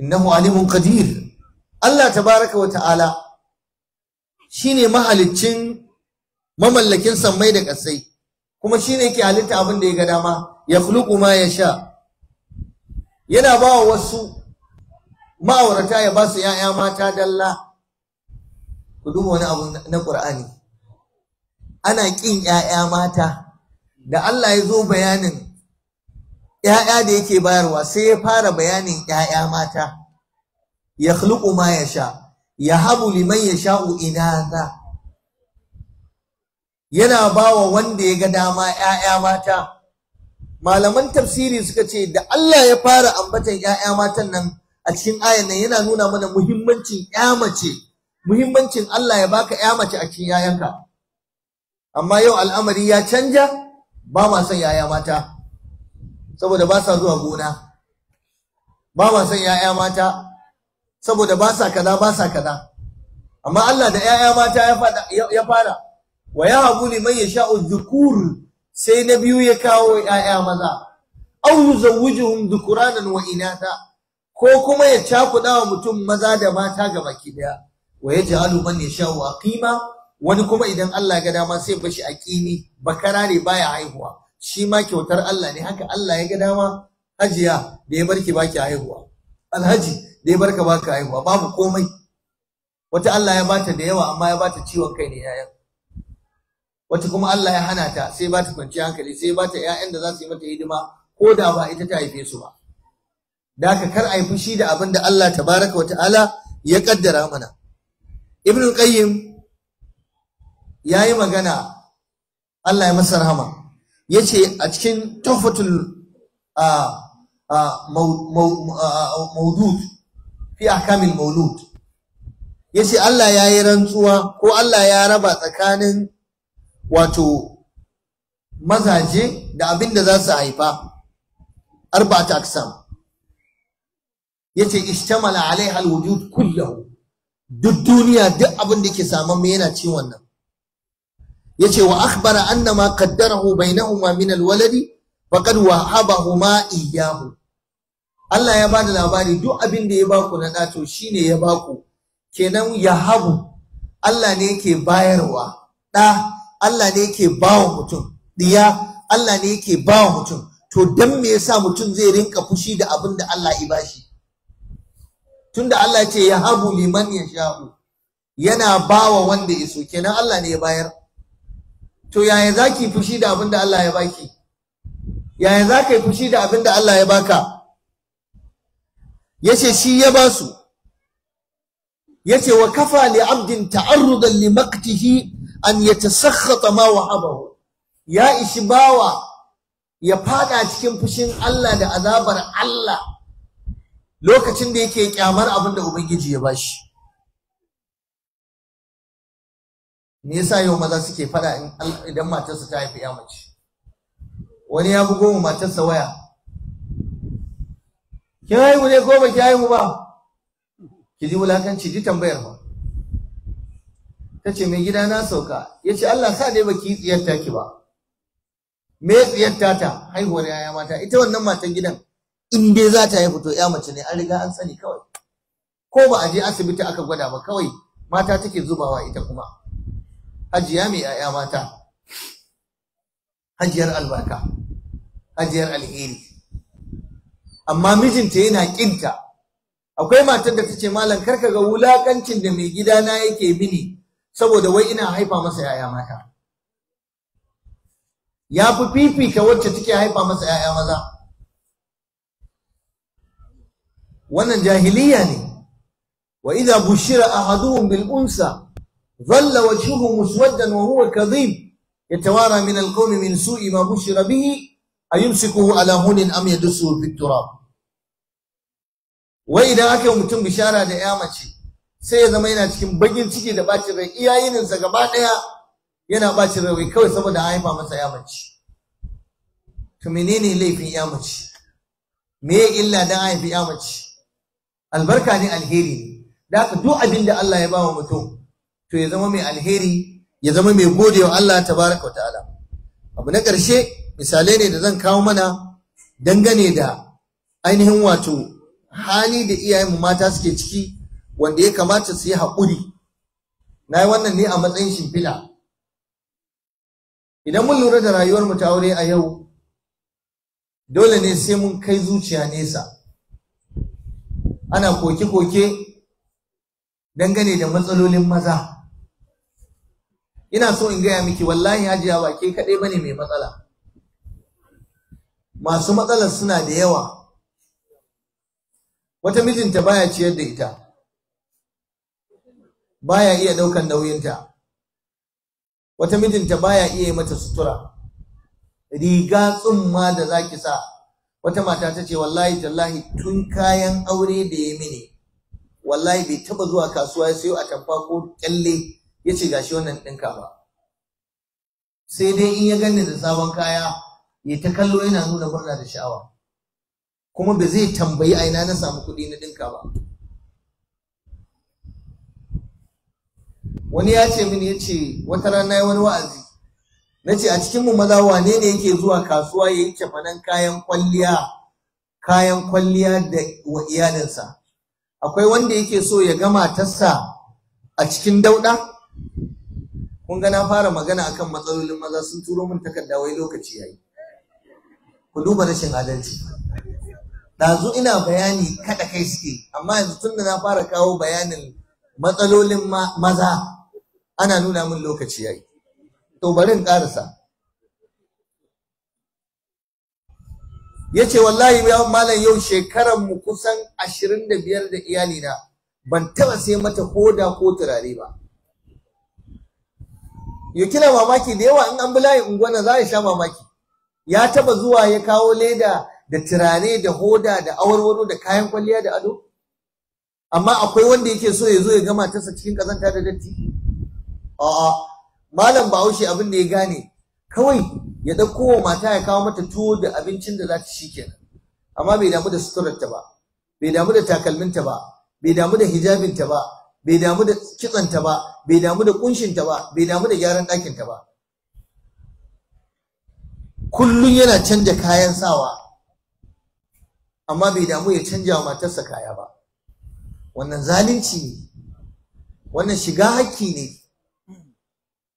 innahu alimun qadir Allah tabaraka wa ta'ala shine mahaliccin mamallakin sammai da ƙasai kuma shine yake halitta abin da ya ga dama ya khluqu ma yasha yana ba wa wasu ma'aurata ya ba su ‘ya'ya mata dalla ku duba wani abu na ƙur'ani ana ƙin ‘ya'ya mata da Allah ya zo bayanin ‘ya'ya da yake bayarwa sai ya fara bayanin ‘ya'ya mata, ya ma ya sha, ya habu liman ya sha'u inaza. Yana ba wa wanda ya ga dama ‘ya'ya mata. Malaman tafsiri suka ce, da Allah ya fara ambatan ‘ya'ya matan nan a cikin ayan nan yana nuna mana muhimmancin ‘ya mace, muhimmancin Allah ya baka ‘ya mace a cikin ‘ya'yanka. Amma yau al'amari ya canja, ba ma son ‘ya'ya mata. saboda ba sa zuwa gona ba ma san ‘ya'ya mata saboda ba sa kaza ba sa kaza amma Allah da ‘ya'ya mata ya fara wa ya abu liman ya yasha zukur sai na biyu ya kawo ‘ya'ya maza aw yuzawwijuhum dhukuranan wa inatha ko kuma ya cakuɗa wa mutum maza da mata ga baki daya wa yaj'alu man yasha aqima wani kuma idan Allah ga dama sai bashi aqimi bakara ne baya haihuwa shi ma kyautar Allah ne haka Allah ya ga dama hajiya da ya barki baki haihuwa alhaji da ya barka baki haihuwa babu komai wata Allah ya bata da yawa amma ya bata ciwon kai ne yayan wata kuma Allah ya hana ta sai bata kwanci hankali sai bata ƴaƴan da za su yi mata hidima ko da ba ita ta haife su ba da haka kar a yi fushi da abin da Allah tabaraka wa ta'ala ya kaddara mana ibnu qayyim yayi magana Allah ya masa rahama yace a cikin tuhfatul maudud fi ahkamil maulud yace Allah ya yi rantsuwa ko Allah ya raba tsakanin wato mazaje da abin da za su haifa arba'at aksam yace ishtamala alaiha alwujud kullahu duk duniya duk abin da ke saman yana ciwon nan. Ya ce wa akhbara anna ma qaddarahu bainahuma min alwaladi faqad wahabahuma iyyahu Allah ya bada labari duk abin da ya baku na to shine ya baku kenan yahabu Allah ne ke bayarwa da Allah ne yake bawa mutum diya Allah ne yake bawa mutum to dan me yasa mutum zai rinka fushi da abin da Allah ya bashi tunda Allah ya ce yahabu liman yasha'u yana bawa wanda ya so kenan Allah ne ya bayar to yaya za ki fushi da abin da Allah ya baki yaya za ka yi fushi da abin da Allah ya baka yace shi ya basu yace wa kafa li abdin ta'arrudan li maqtihi an yatasakhata ma wahabahu ya ishi bawa ya fada cikin fushin Allah da azabar Allah lokacin da yake kyamar abin da ubangiji ya bashi me yasa yau maza suke fada idan matarsa ta haifi ya mace wani ya bugo mu matarsa waya kin haihu ne ko ba ki haihu ba ki ji wulakanci ji tambayar ba ta ce mai gida na sauka ya ce Allah sa ne baki tsiyarta ki ba me tsiyarta ta haihuwar yaya mata ita wannan matan gidan in dai za ta haihu to ya mace ne an riga an sani kawai ko ba a je asibiti aka gwada ba kawai mata take zubawa ita kuma hajiya mai 'ya'ya mata hajiyar albarka hajiyar alheri amma mijinta yana ƙinta. akwai matar da ta ce malam karka ga wulaƙancin da mai gidana yake mini saboda wai ina haifa masa 'ya'ya mata ya fi fifita wacce take haifa masa 'ya'ya maza wannan jahiliya ne wa idza bushira ahaduhum bil unsa ظل وجهه مسودا وهو كظيم يتوارى من القوم من سوء ما بشر به أيمسكه على هون أم يدسه في التراب وإذا أكي ومتم بشارة دائما سيدا ما ينتكم بجن تجي دباتر إيا ينزا قباتها ينا باتر ويكوي سبدا عيما مسا يامج كمينيني لي في يامج مي إلا داعي في يامج البركة دي الهيري داك دو أبين دا الله يباوه متوم to ya zama mai alheri ya zama mai gode wa Allah tabaraka ta'ala abu na ƙarshe misalai ne da zan kawo mana dangane da ainihin wato hali da iyayen mu mata suke ciki wanda ya kamata su yi haƙuri na yi wannan ne a matsayin shimfiɗa idan mun lura da rayuwar mu ta aure a yau dole ne sai mun kai zuciya nesa ana koke-koke dangane da matsalolin maza ina so in gaya miki wallahi hajiya ba ke kaɗai bane mai matsala masu matsalar suna da yawa wata mijinta baya ciyar da ita baya iya ɗaukan nauyinta wata mijinta baya iya yi mata sutura riga tsumma da zaki sa wata mata ta ce wallahi tallahi tun kayan aure da ya mini wallahi bai taba zuwa kasuwa ya sayo atamfa ko kyalle ya ce shi wannan ɗinka ba sai dai in ya ganni da sabon kaya ya ta kallo yana nuna murna da sha'awa kuma ba zai tambayi aina na samu kuɗi na ɗinka ba wani ya ce mini ya ce wata rana ya wani wa'azi na ce a cikinmu maza wane ne yake zuwa kasuwa ya yi cefanen kayan kwalliya kayan kwalliya da wa iyalinsa akwai wanda yake so ya gama tassa a cikin dauɗa kun ga na fara magana akan matsalolin maza sun turo min takarda wai lokaci yayi ku duba rashin adalci dazu ina bayani kada kai suke amma yanzu tunda na fara kawo bayanin matsalolin maza ana nuna min lokaci yayi to bari in karasa yace wallahi ya malam yau shekaran mu kusan 25 da iyalina ban taba sai mata koda ko turare ba ya kina mamaki da yawa in an bi layin unguwa za a sha mamaki ya taba zuwa ya kawo leda da turare da hoda da awarwaro da kayan kwalliya da ado amma akwai wanda yake so ya zo ya gama tasa cikin kazanta da datti a'a malam bahaushe abin da ya gane kawai ya ɗauko wa mata ya kawo mata tuwo da abincin da za ta shi kenan amma bai damu da suturarta ba bai damu da takalminta ba bai damu da hijabinta ba bai damu da kitsanta ba bai damu da kunshinta ba bai damu da gyaran ɗakinta ba kullum yana canja kayan sawa amma bai damu ya canja matarsa kaya ba wannan zalunci ne wannan shiga hakki ne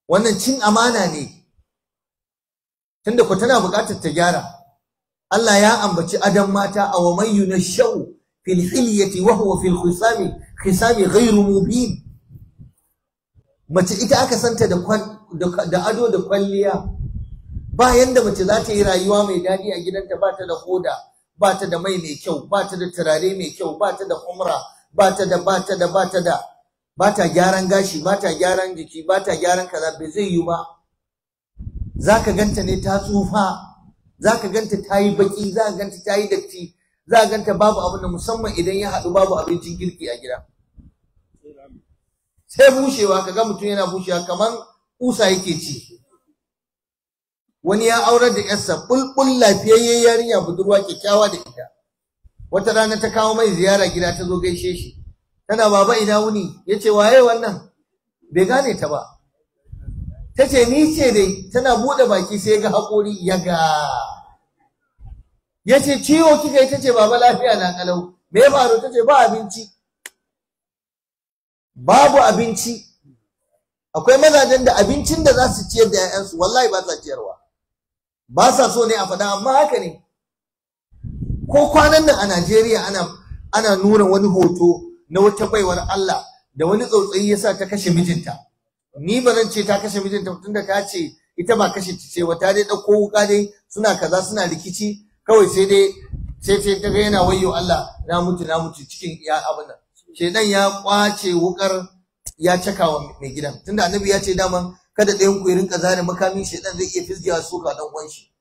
wannan cin amana ne tunda ku tana buƙatar ta gyara Allah ya ambaci adam mata a wa sha'u yunashau fil hilyati wa huwa fil khisami khisami ghairu mubin mace ita aka santa da ado da kwalliya Bayan da mace za ta yi rayuwa mai daɗi a gidanta ba ta da hoda ba ta da mai mai kyau ba ta da turare mai kyau ba ta da umra ba ta da ba ta da ba ta da ba ta gyaran gashi ba ta gyaran jiki ba ta gyaran kaza bai zai yi ba za ka ganta ne ta tsufa za ka ganta ta yi baki za ka ganta ta yi datti za ka ganta babu abin da musamman idan ya haɗu babu abincin girki a gida. sai bushewa kaga mutum yana bushewa kaman kusa yake ci wani ya aurar da yarsa bulbul lafiyayye yarinya budurwa kyakkyawa da ita wata rana ta kawo mai ziyara gida ta zo gaishe shi tana baba ina wuni yace waye wannan bai gane ta ba ta ce ni ce dai tana bude baki sai ga hakuri ya ga ya ciwo kika yi ta ce baba lafiya na kalau me ya faru ta ce ba abinci babu abinci akwai mazajen da abincin da za su ciyar da 'ya'yansu wallahi ba sa ciyarwa ba sa so ne a faɗa amma haka ne ko kwanan nan a Najeriya ana ana nuna wani hoto na wata baiwar Allah da wani tsautsayi ya sa ta kashe mijinta ni ba ce ta kashe mijinta tun da ta ce ita ba kashe ta ce wata dai ɗauko wuka dai suna kaza suna rikici kawai sai dai sai ta ga yana wayo Allah na mutu na mutu cikin iya abin shedan ya kwace wukar ya caka wa mai gidan tunda annabi ya ce dama kada ɗayan ku rinka zare makamin shedan zai iya fisgewa suka dan uwan shi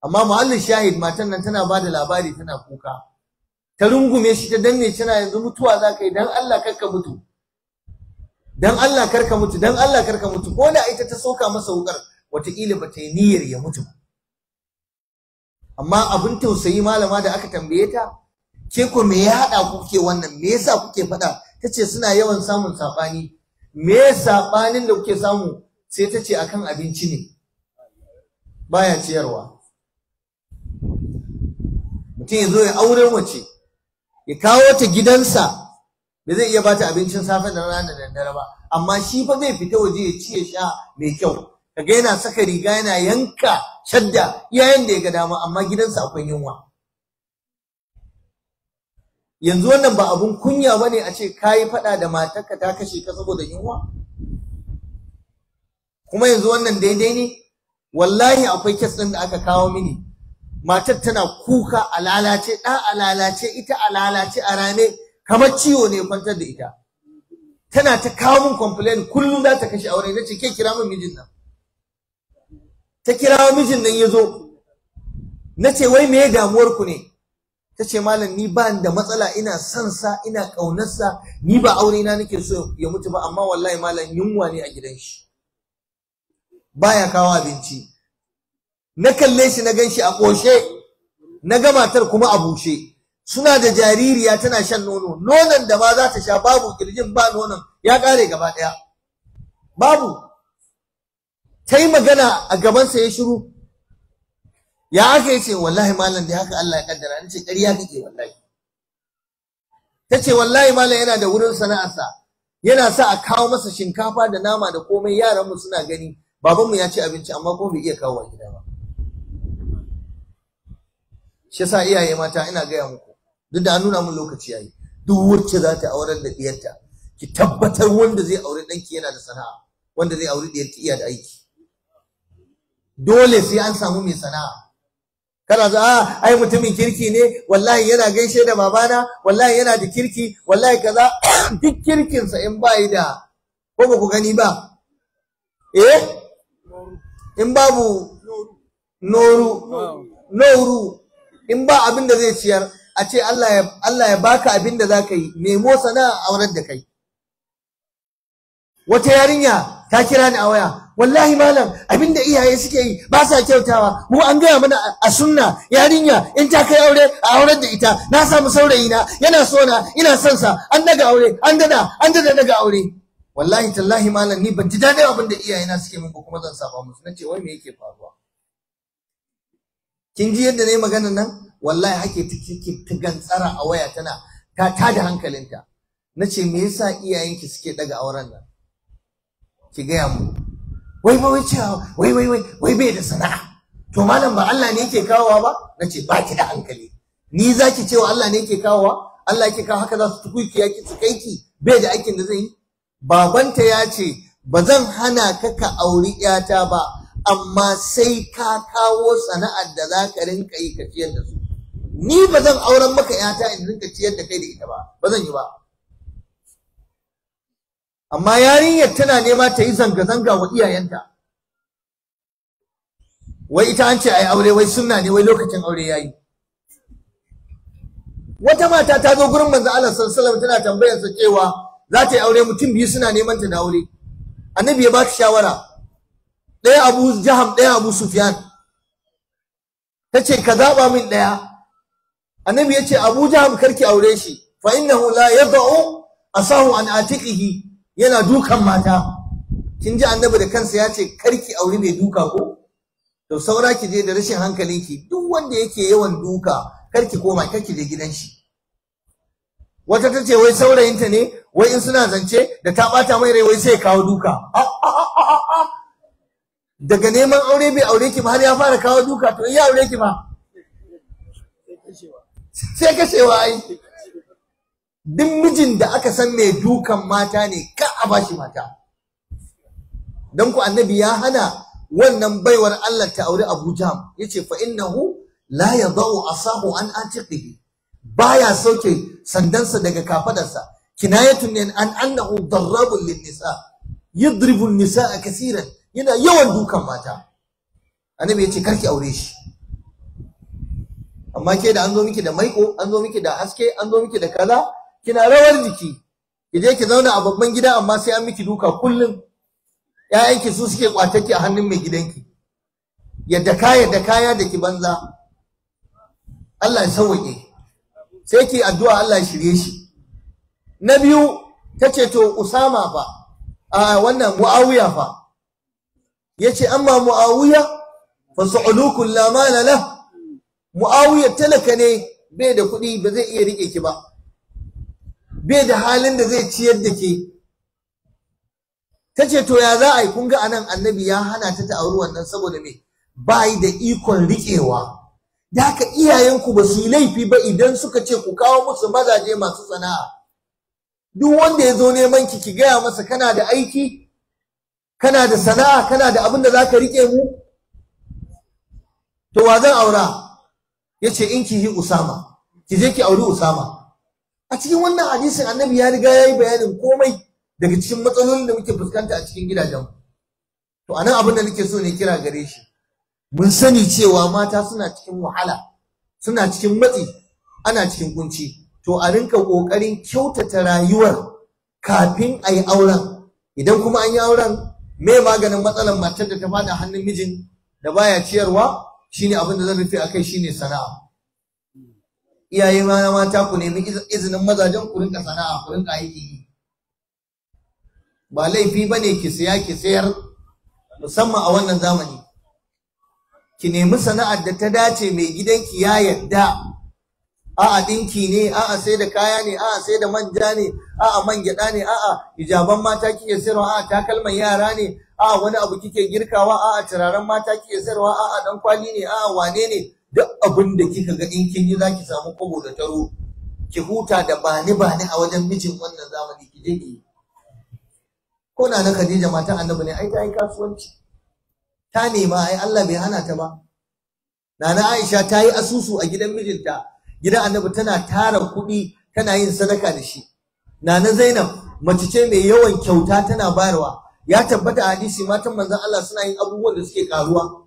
amma muhallin shahid matan nan tana bada labari tana kuka ta rungume shi ta danne tana yanzu mutuwa za yi dan Allah karka mutu dan Allah karka mutu dan Allah karka mutu ko da ita ta soka masa wukar wataƙila ba ta yi niyyar ya mutu ba amma abin tausayi malama da aka tambaye ta ke ko me ya haɗa ku kuke wannan me yasa kuke faɗa tace suna yawan samun saɓani me saɓanin da kuke samu sai tace akan abinci ne baya ciyarwa mutum ya zo ya aure wace ya kawo ta gidansa ba zai iya bata abincin safe da rana da daddare ba amma shi fa zai fita waje ya ci ya sha mai kyau kaga yana saka riga yana yanka shadda iyayen da ya ga dama amma gidansa akwai yunwa yanzu wannan ba abun kunya bane a ce kayi fada da matarka ta kashe ka saboda yunwa kuma yanzu wannan daidai ne wallahi akwai kes din da aka kawo mini matar tana kuka alalace lalace ɗa ita a a rane, kamar ciwo ne kwantar da ita tana ta kawo min complain kullum za ta kashe aure nace ke kira min mijin nan ta kira mijin nan ya nace wai me damuwar ku ne ta ce malam ni ba da matsala ina son sa ina ƙaunarsa ni ba aure na nake so ya mutu ba amma wallahi malam yunwa ne a gidan shi baya kawo abinci na kalle shi na gan shi a ƙoshe na ga matar kuma a bushe suna da jaririya tana shan nono nonon da ma za ta sha babu kirjin ba nonon ya kare gaba ɗaya babu ta yi magana a gabansa ya shiru ya aka ce wallahi malam da haka Allah ya kaddara an ce ƙarya kake wallahi tace wallahi malam yana da wurin sana'arsa yana sa a kawo masa shinkafa da nama da komai yaran mu suna gani baban mu ya ci abinci amma ko bai iya kawo gida ba shi yasa iyaye mata ina gaya muku duk da an nuna mun lokaci yayi duk wacce za ta aurar da diyarta ki tabbatar wanda zai aure danki yana da sana'a wanda zai aure diyarta iya da aiki dole sai an samu mai sana'a kana za a ah, ai mutumin kirki ne wallahi yana gaishe da babana wallahi yana da kirki wallahi kaza duk kirkinsa in ba yi da ko ba ku gani ba eh in babu noru noru in ba abin da zai ciyar a ce Allah ya baka abin da za ka yi nemo sana'a aurar da kai wata yarinya ta kira ni a waya wallahi malam abinda iyaye suke yi ba sa kyautawa mu an gaya mana a sunna yarinya in ta kai aure a auren da ita na samu saurayi na yana so na ina son sa an daga aure an dada an dada daga aure wallahi tallahi malam ni ban ji dadin abin da iyaye na suke min ba kuma zan saba musu nace wai me yake faruwa kin ji yadda nayi magana nan wallahi hake take ta gantsara a waya tana ta tada hankalinta nace me yasa iyayenki suke daga auren nan ki gaya mu wai ba wai cewa wai wai wai wai bai da sana'a to malam ba Allah ne yake kawowa ba nace ba ki da hankali ni zaki cewa Allah ne yake kawowa Allah yake kawo haka za su tukuki ki bai da aikin da zai yi babanta ya ce ba zan hana ka ka auri yata ba amma sai ka kawo sana'ar da za ka rinka yi ka ciyar da su ni ba zan auren maka yata in rinka ciyar da kai da ita ba ba zan yi ba amma yarinyar tana nema ta yi zanga-zanga wa iyayenta wai ita an ce ai aure wai sunna ne wai lokacin aure yayi wata mata ta zo gurin manzo Allah sallallahu alaihi wasallam tana tambayar sa cewa za ta yi aure mutum biyu suna neman ta da aure annabi ya ba ta shawara ɗaya Abu Jaham ɗaya Abu Sufyan ta ce ka zaba min ɗaya annabi ya ce Abu Jaham karki aure shi fa innahu la yadau asahu an atiqihi yana dukan mata kin ji annabi da kansa ya ce karki aure mai duka ko to saura ki je da rashin hankalin ki duk wanda yake yawan duka karki koma karki je gidan shi wata ta ce wai saurayinta ne wai in suna zance da ta bata mai rai wai sai kawo duka daga neman aure bai aure ki ba har ya fara kawo duka to in ya aure ki ma? sai kashewa ai duk mijin da aka san mai dukan mata ne ka a bashi mata don ku annabi ya hana wannan baiwar Allah ta aure Abu Jam yace fa innahu la yadau asahu an atiqihi baya sauke sandansa daga kafadarsa kinayatun ne an annahu darrabun lin nisa yadribu nisaa kaseeran yana yawan dukan mata annabi yace karki aure shi amma ke da an zo miki da maiko an zo miki da haske an zo miki da kaza kina rawar jiki ki je ki zauna a babban gida amma sai an miki duka kullum Ya'yanki su suke kwataki a hannun mai gidanki yadda ka yadda kaya da ki banza Allah ya sauke sai ki addu'a Allah ya shirye shi na biyu tace to Usama fa a wannan Muawiya fa yace amma Muawiya fa su'ulukun la mala lah Muawiya talaka ne bai da kuɗi ba zai iya rike ki ba bai da halin da zai ciyar da ke ta ce to ya za a yi kun ga anan annabi ya hana ta ta auri wannan saboda mai ba da ikon riƙewa da haka iyayenku ba su yi laifi ba idan suka ce ku kawo musu mazaje masu sana'a duk wanda ya zo neman ki ki gaya masa kana da aiki kana da sana'a kana da abin da za ka riƙe mu to wa zan aura ya ce in ki yi usama ki je ki auri usama a cikin wannan hadisin annabi ya riga ya yi bayanin komai daga cikin matsalolin da muke fuskanta a cikin gidajen to anan abin da nake so ne kira gare shi mun sani cewa mata suna cikin wahala suna cikin matsi ana cikin kunci to a rinka kokarin kyautata rayuwar kafin a yi auren idan kuma an yi auren me maganin matsalar matar da ta fada hannun mijin da baya ciyarwa shine abin da zan rufe akai shine sana'a iyaye ma mata ku nemi izinin mazajen ku rinka sana'a ku rinka aiki ba laifi bane ki siya ki sayar musamman a wannan zamani ki nemi sana'ar da ta dace mai gidanki ya yadda a'a dinki ne a'a sai da kaya ne a'a sai da manja ne a'a man gyada ne a'a hijaban mata kike sayarwa a'a takalman yara ne a'a wani abu kike girkawa a'a turaren mata kike sayarwa a'a dan kwali ne a'a wane ne abin da kika ga in kin yi za ki samu kobo da taro ki huta da bani bani a wajen mijin wannan zamani ki je ki ko na na Khadija matan annabi ne ai ta yi kasuwanci ta nema ai Allah bai hana ta ba Nana Aisha ta yi asusu a gidan mijinta gidan annabi tana tara kuɗi tana yin sadaka da shi Nana Zainab mace ce mai yawan kyauta tana bayarwa ya tabbata a hadisi matan manzon Allah suna yin abubuwan da suke karuwa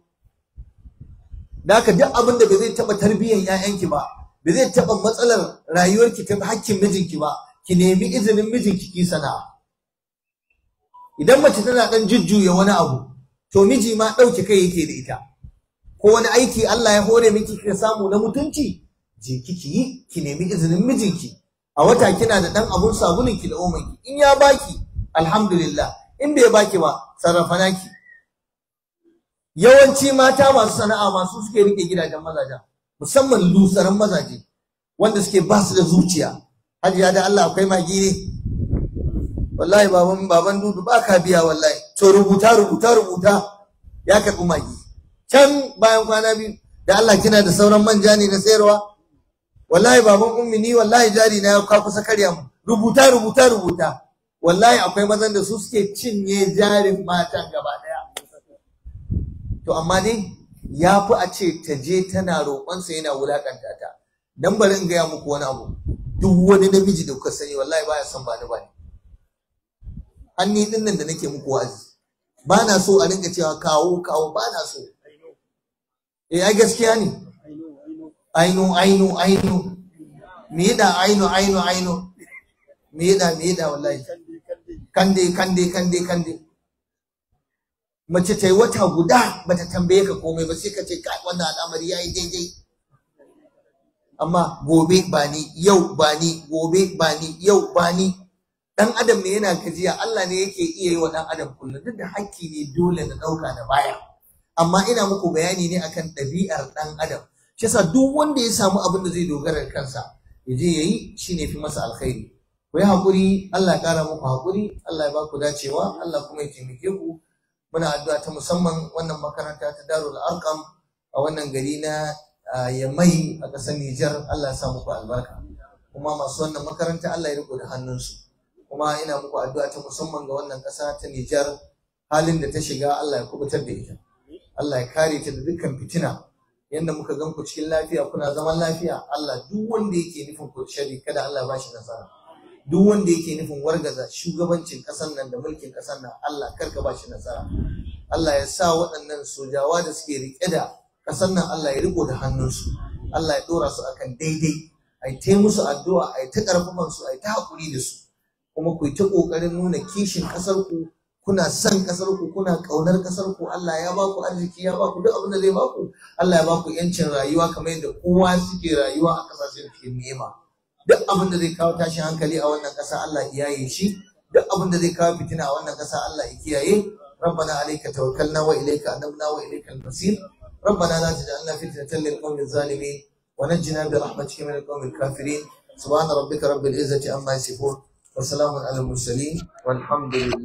da haka duk abin da ba zai taɓa tarbiyyar 'ya'yanki ba ba zai taɓa matsalar rayuwarki ta hakkin mijinki ba ki nemi izinin mijinki ki sana'a idan mace tana ɗan jujjuya wani abu to miji ma ɗauke kai yake da ita ko wani aiki Allah ya hore miki kika samu na mutunci je kiki yi ki nemi izinin mijinki a wata kina da ɗan abun sabunin da omanki in ya baki alhamdulillah in bai baki ba sarrafa naki yawanci mata masu sana'a masu suke rike gidajen mazajen musamman lusaran mazaje wanda suke ba su da zuciya hajiya da Allah akwai magi ne wallahi baban baban dudu ba ka biya wallahi to rubuta rubuta rubuta ya karbi magi can bayan kwana biyu da Allah kina da sauran manja ne na sayarwa wallahi baban ummi ni wallahi jari na ka kusa karya mu rubuta rubuta rubuta wallahi akwai mazan da su suke cinye jarin matan gaba to amma dai ya fi a ce ta je tana roƙonsa yana wulaƙanta ta dan bari in gaya muku wani abu duk wani namiji da kuka sani wallahi baya son bani bani hanni din nan da nake muku wa'azi ba na so a rinka cewa kawo kawo ba na so eh ai gaskiya ne aino aino aino me da aino aino aino me da me da wallahi kande kande kande kande mace ta yi wata guda ba ta tambaye ka komai ba sai ka ce kai wannan al'amari ya yi daidai amma gobe ba ni yau ba ni gobe ba ni yau ba ni dan adam ne yana gajiya Allah ne yake iya yi wa dan adam kullum duk da hakki ne dole na dauka da baya amma ina muku bayani ne akan dabi'ar dan adam shi yasa duk wanda ya samu abin da zai dogara kansa ya je yayi shine fi masa alkhairi ku yi hakuri Allah ya kara muku hakuri Allah ya ba ku dacewa Allah kuma ya taimake ku muna addu'a ta musamman wannan makaranta ta Darul Arqam a wannan gari na Yamai a ƙasar Nijar Allah ya sa muku albarka kuma masu wannan makaranta Allah ya riko da hannunsu kuma ina muku addu'a ta musamman ga wannan ƙasa ta Nijar halin da ta shiga Allah ya kubutar da ita Allah ya kare ta da dukkan fitina yanda muka gan ku cikin lafiya kuna zaman lafiya Allah duk wanda yake nufin ku shari kada Allah ya bashi nasara duk wanda yake nufin wargaza shugabancin ƙasar nan da mulkin ƙasar nan Allah karka ba shi nasara Allah ya sa waɗannan sojawa da suke riƙe da ƙasar nan Allah ya riko da hannunsu Allah ya ɗora su akan daidai a ta musu addu'a a ta ƙarfafan su a ta haƙuri da su kuma ku ta ƙoƙarin nuna kishin ƙasar ku kuna son ƙasar ku kuna ƙaunar ƙasar ku Allah ya baku arziki ya baku duk abin da zai baku Allah ya baku yancin rayuwa kamar yadda kowa suke rayuwa a ƙasashen fiye nema. duk abin da zai kawo tashin hankali a wannan ƙasa Allah ya yaye shi duk abin da zai kawo fitina a wannan ƙasa Allah ya kiyaye rabbana alayka tawakkalna wa ilayka anabna wa ilayka al-masir rabbana la taj'alna fitnatan lil qawmi zalimin wa najjina bi rahmatika min al-qawmi al-kafirin subhana rabbika rabbil izzati amma yasifun wa salamun alal mursalin walhamdulillah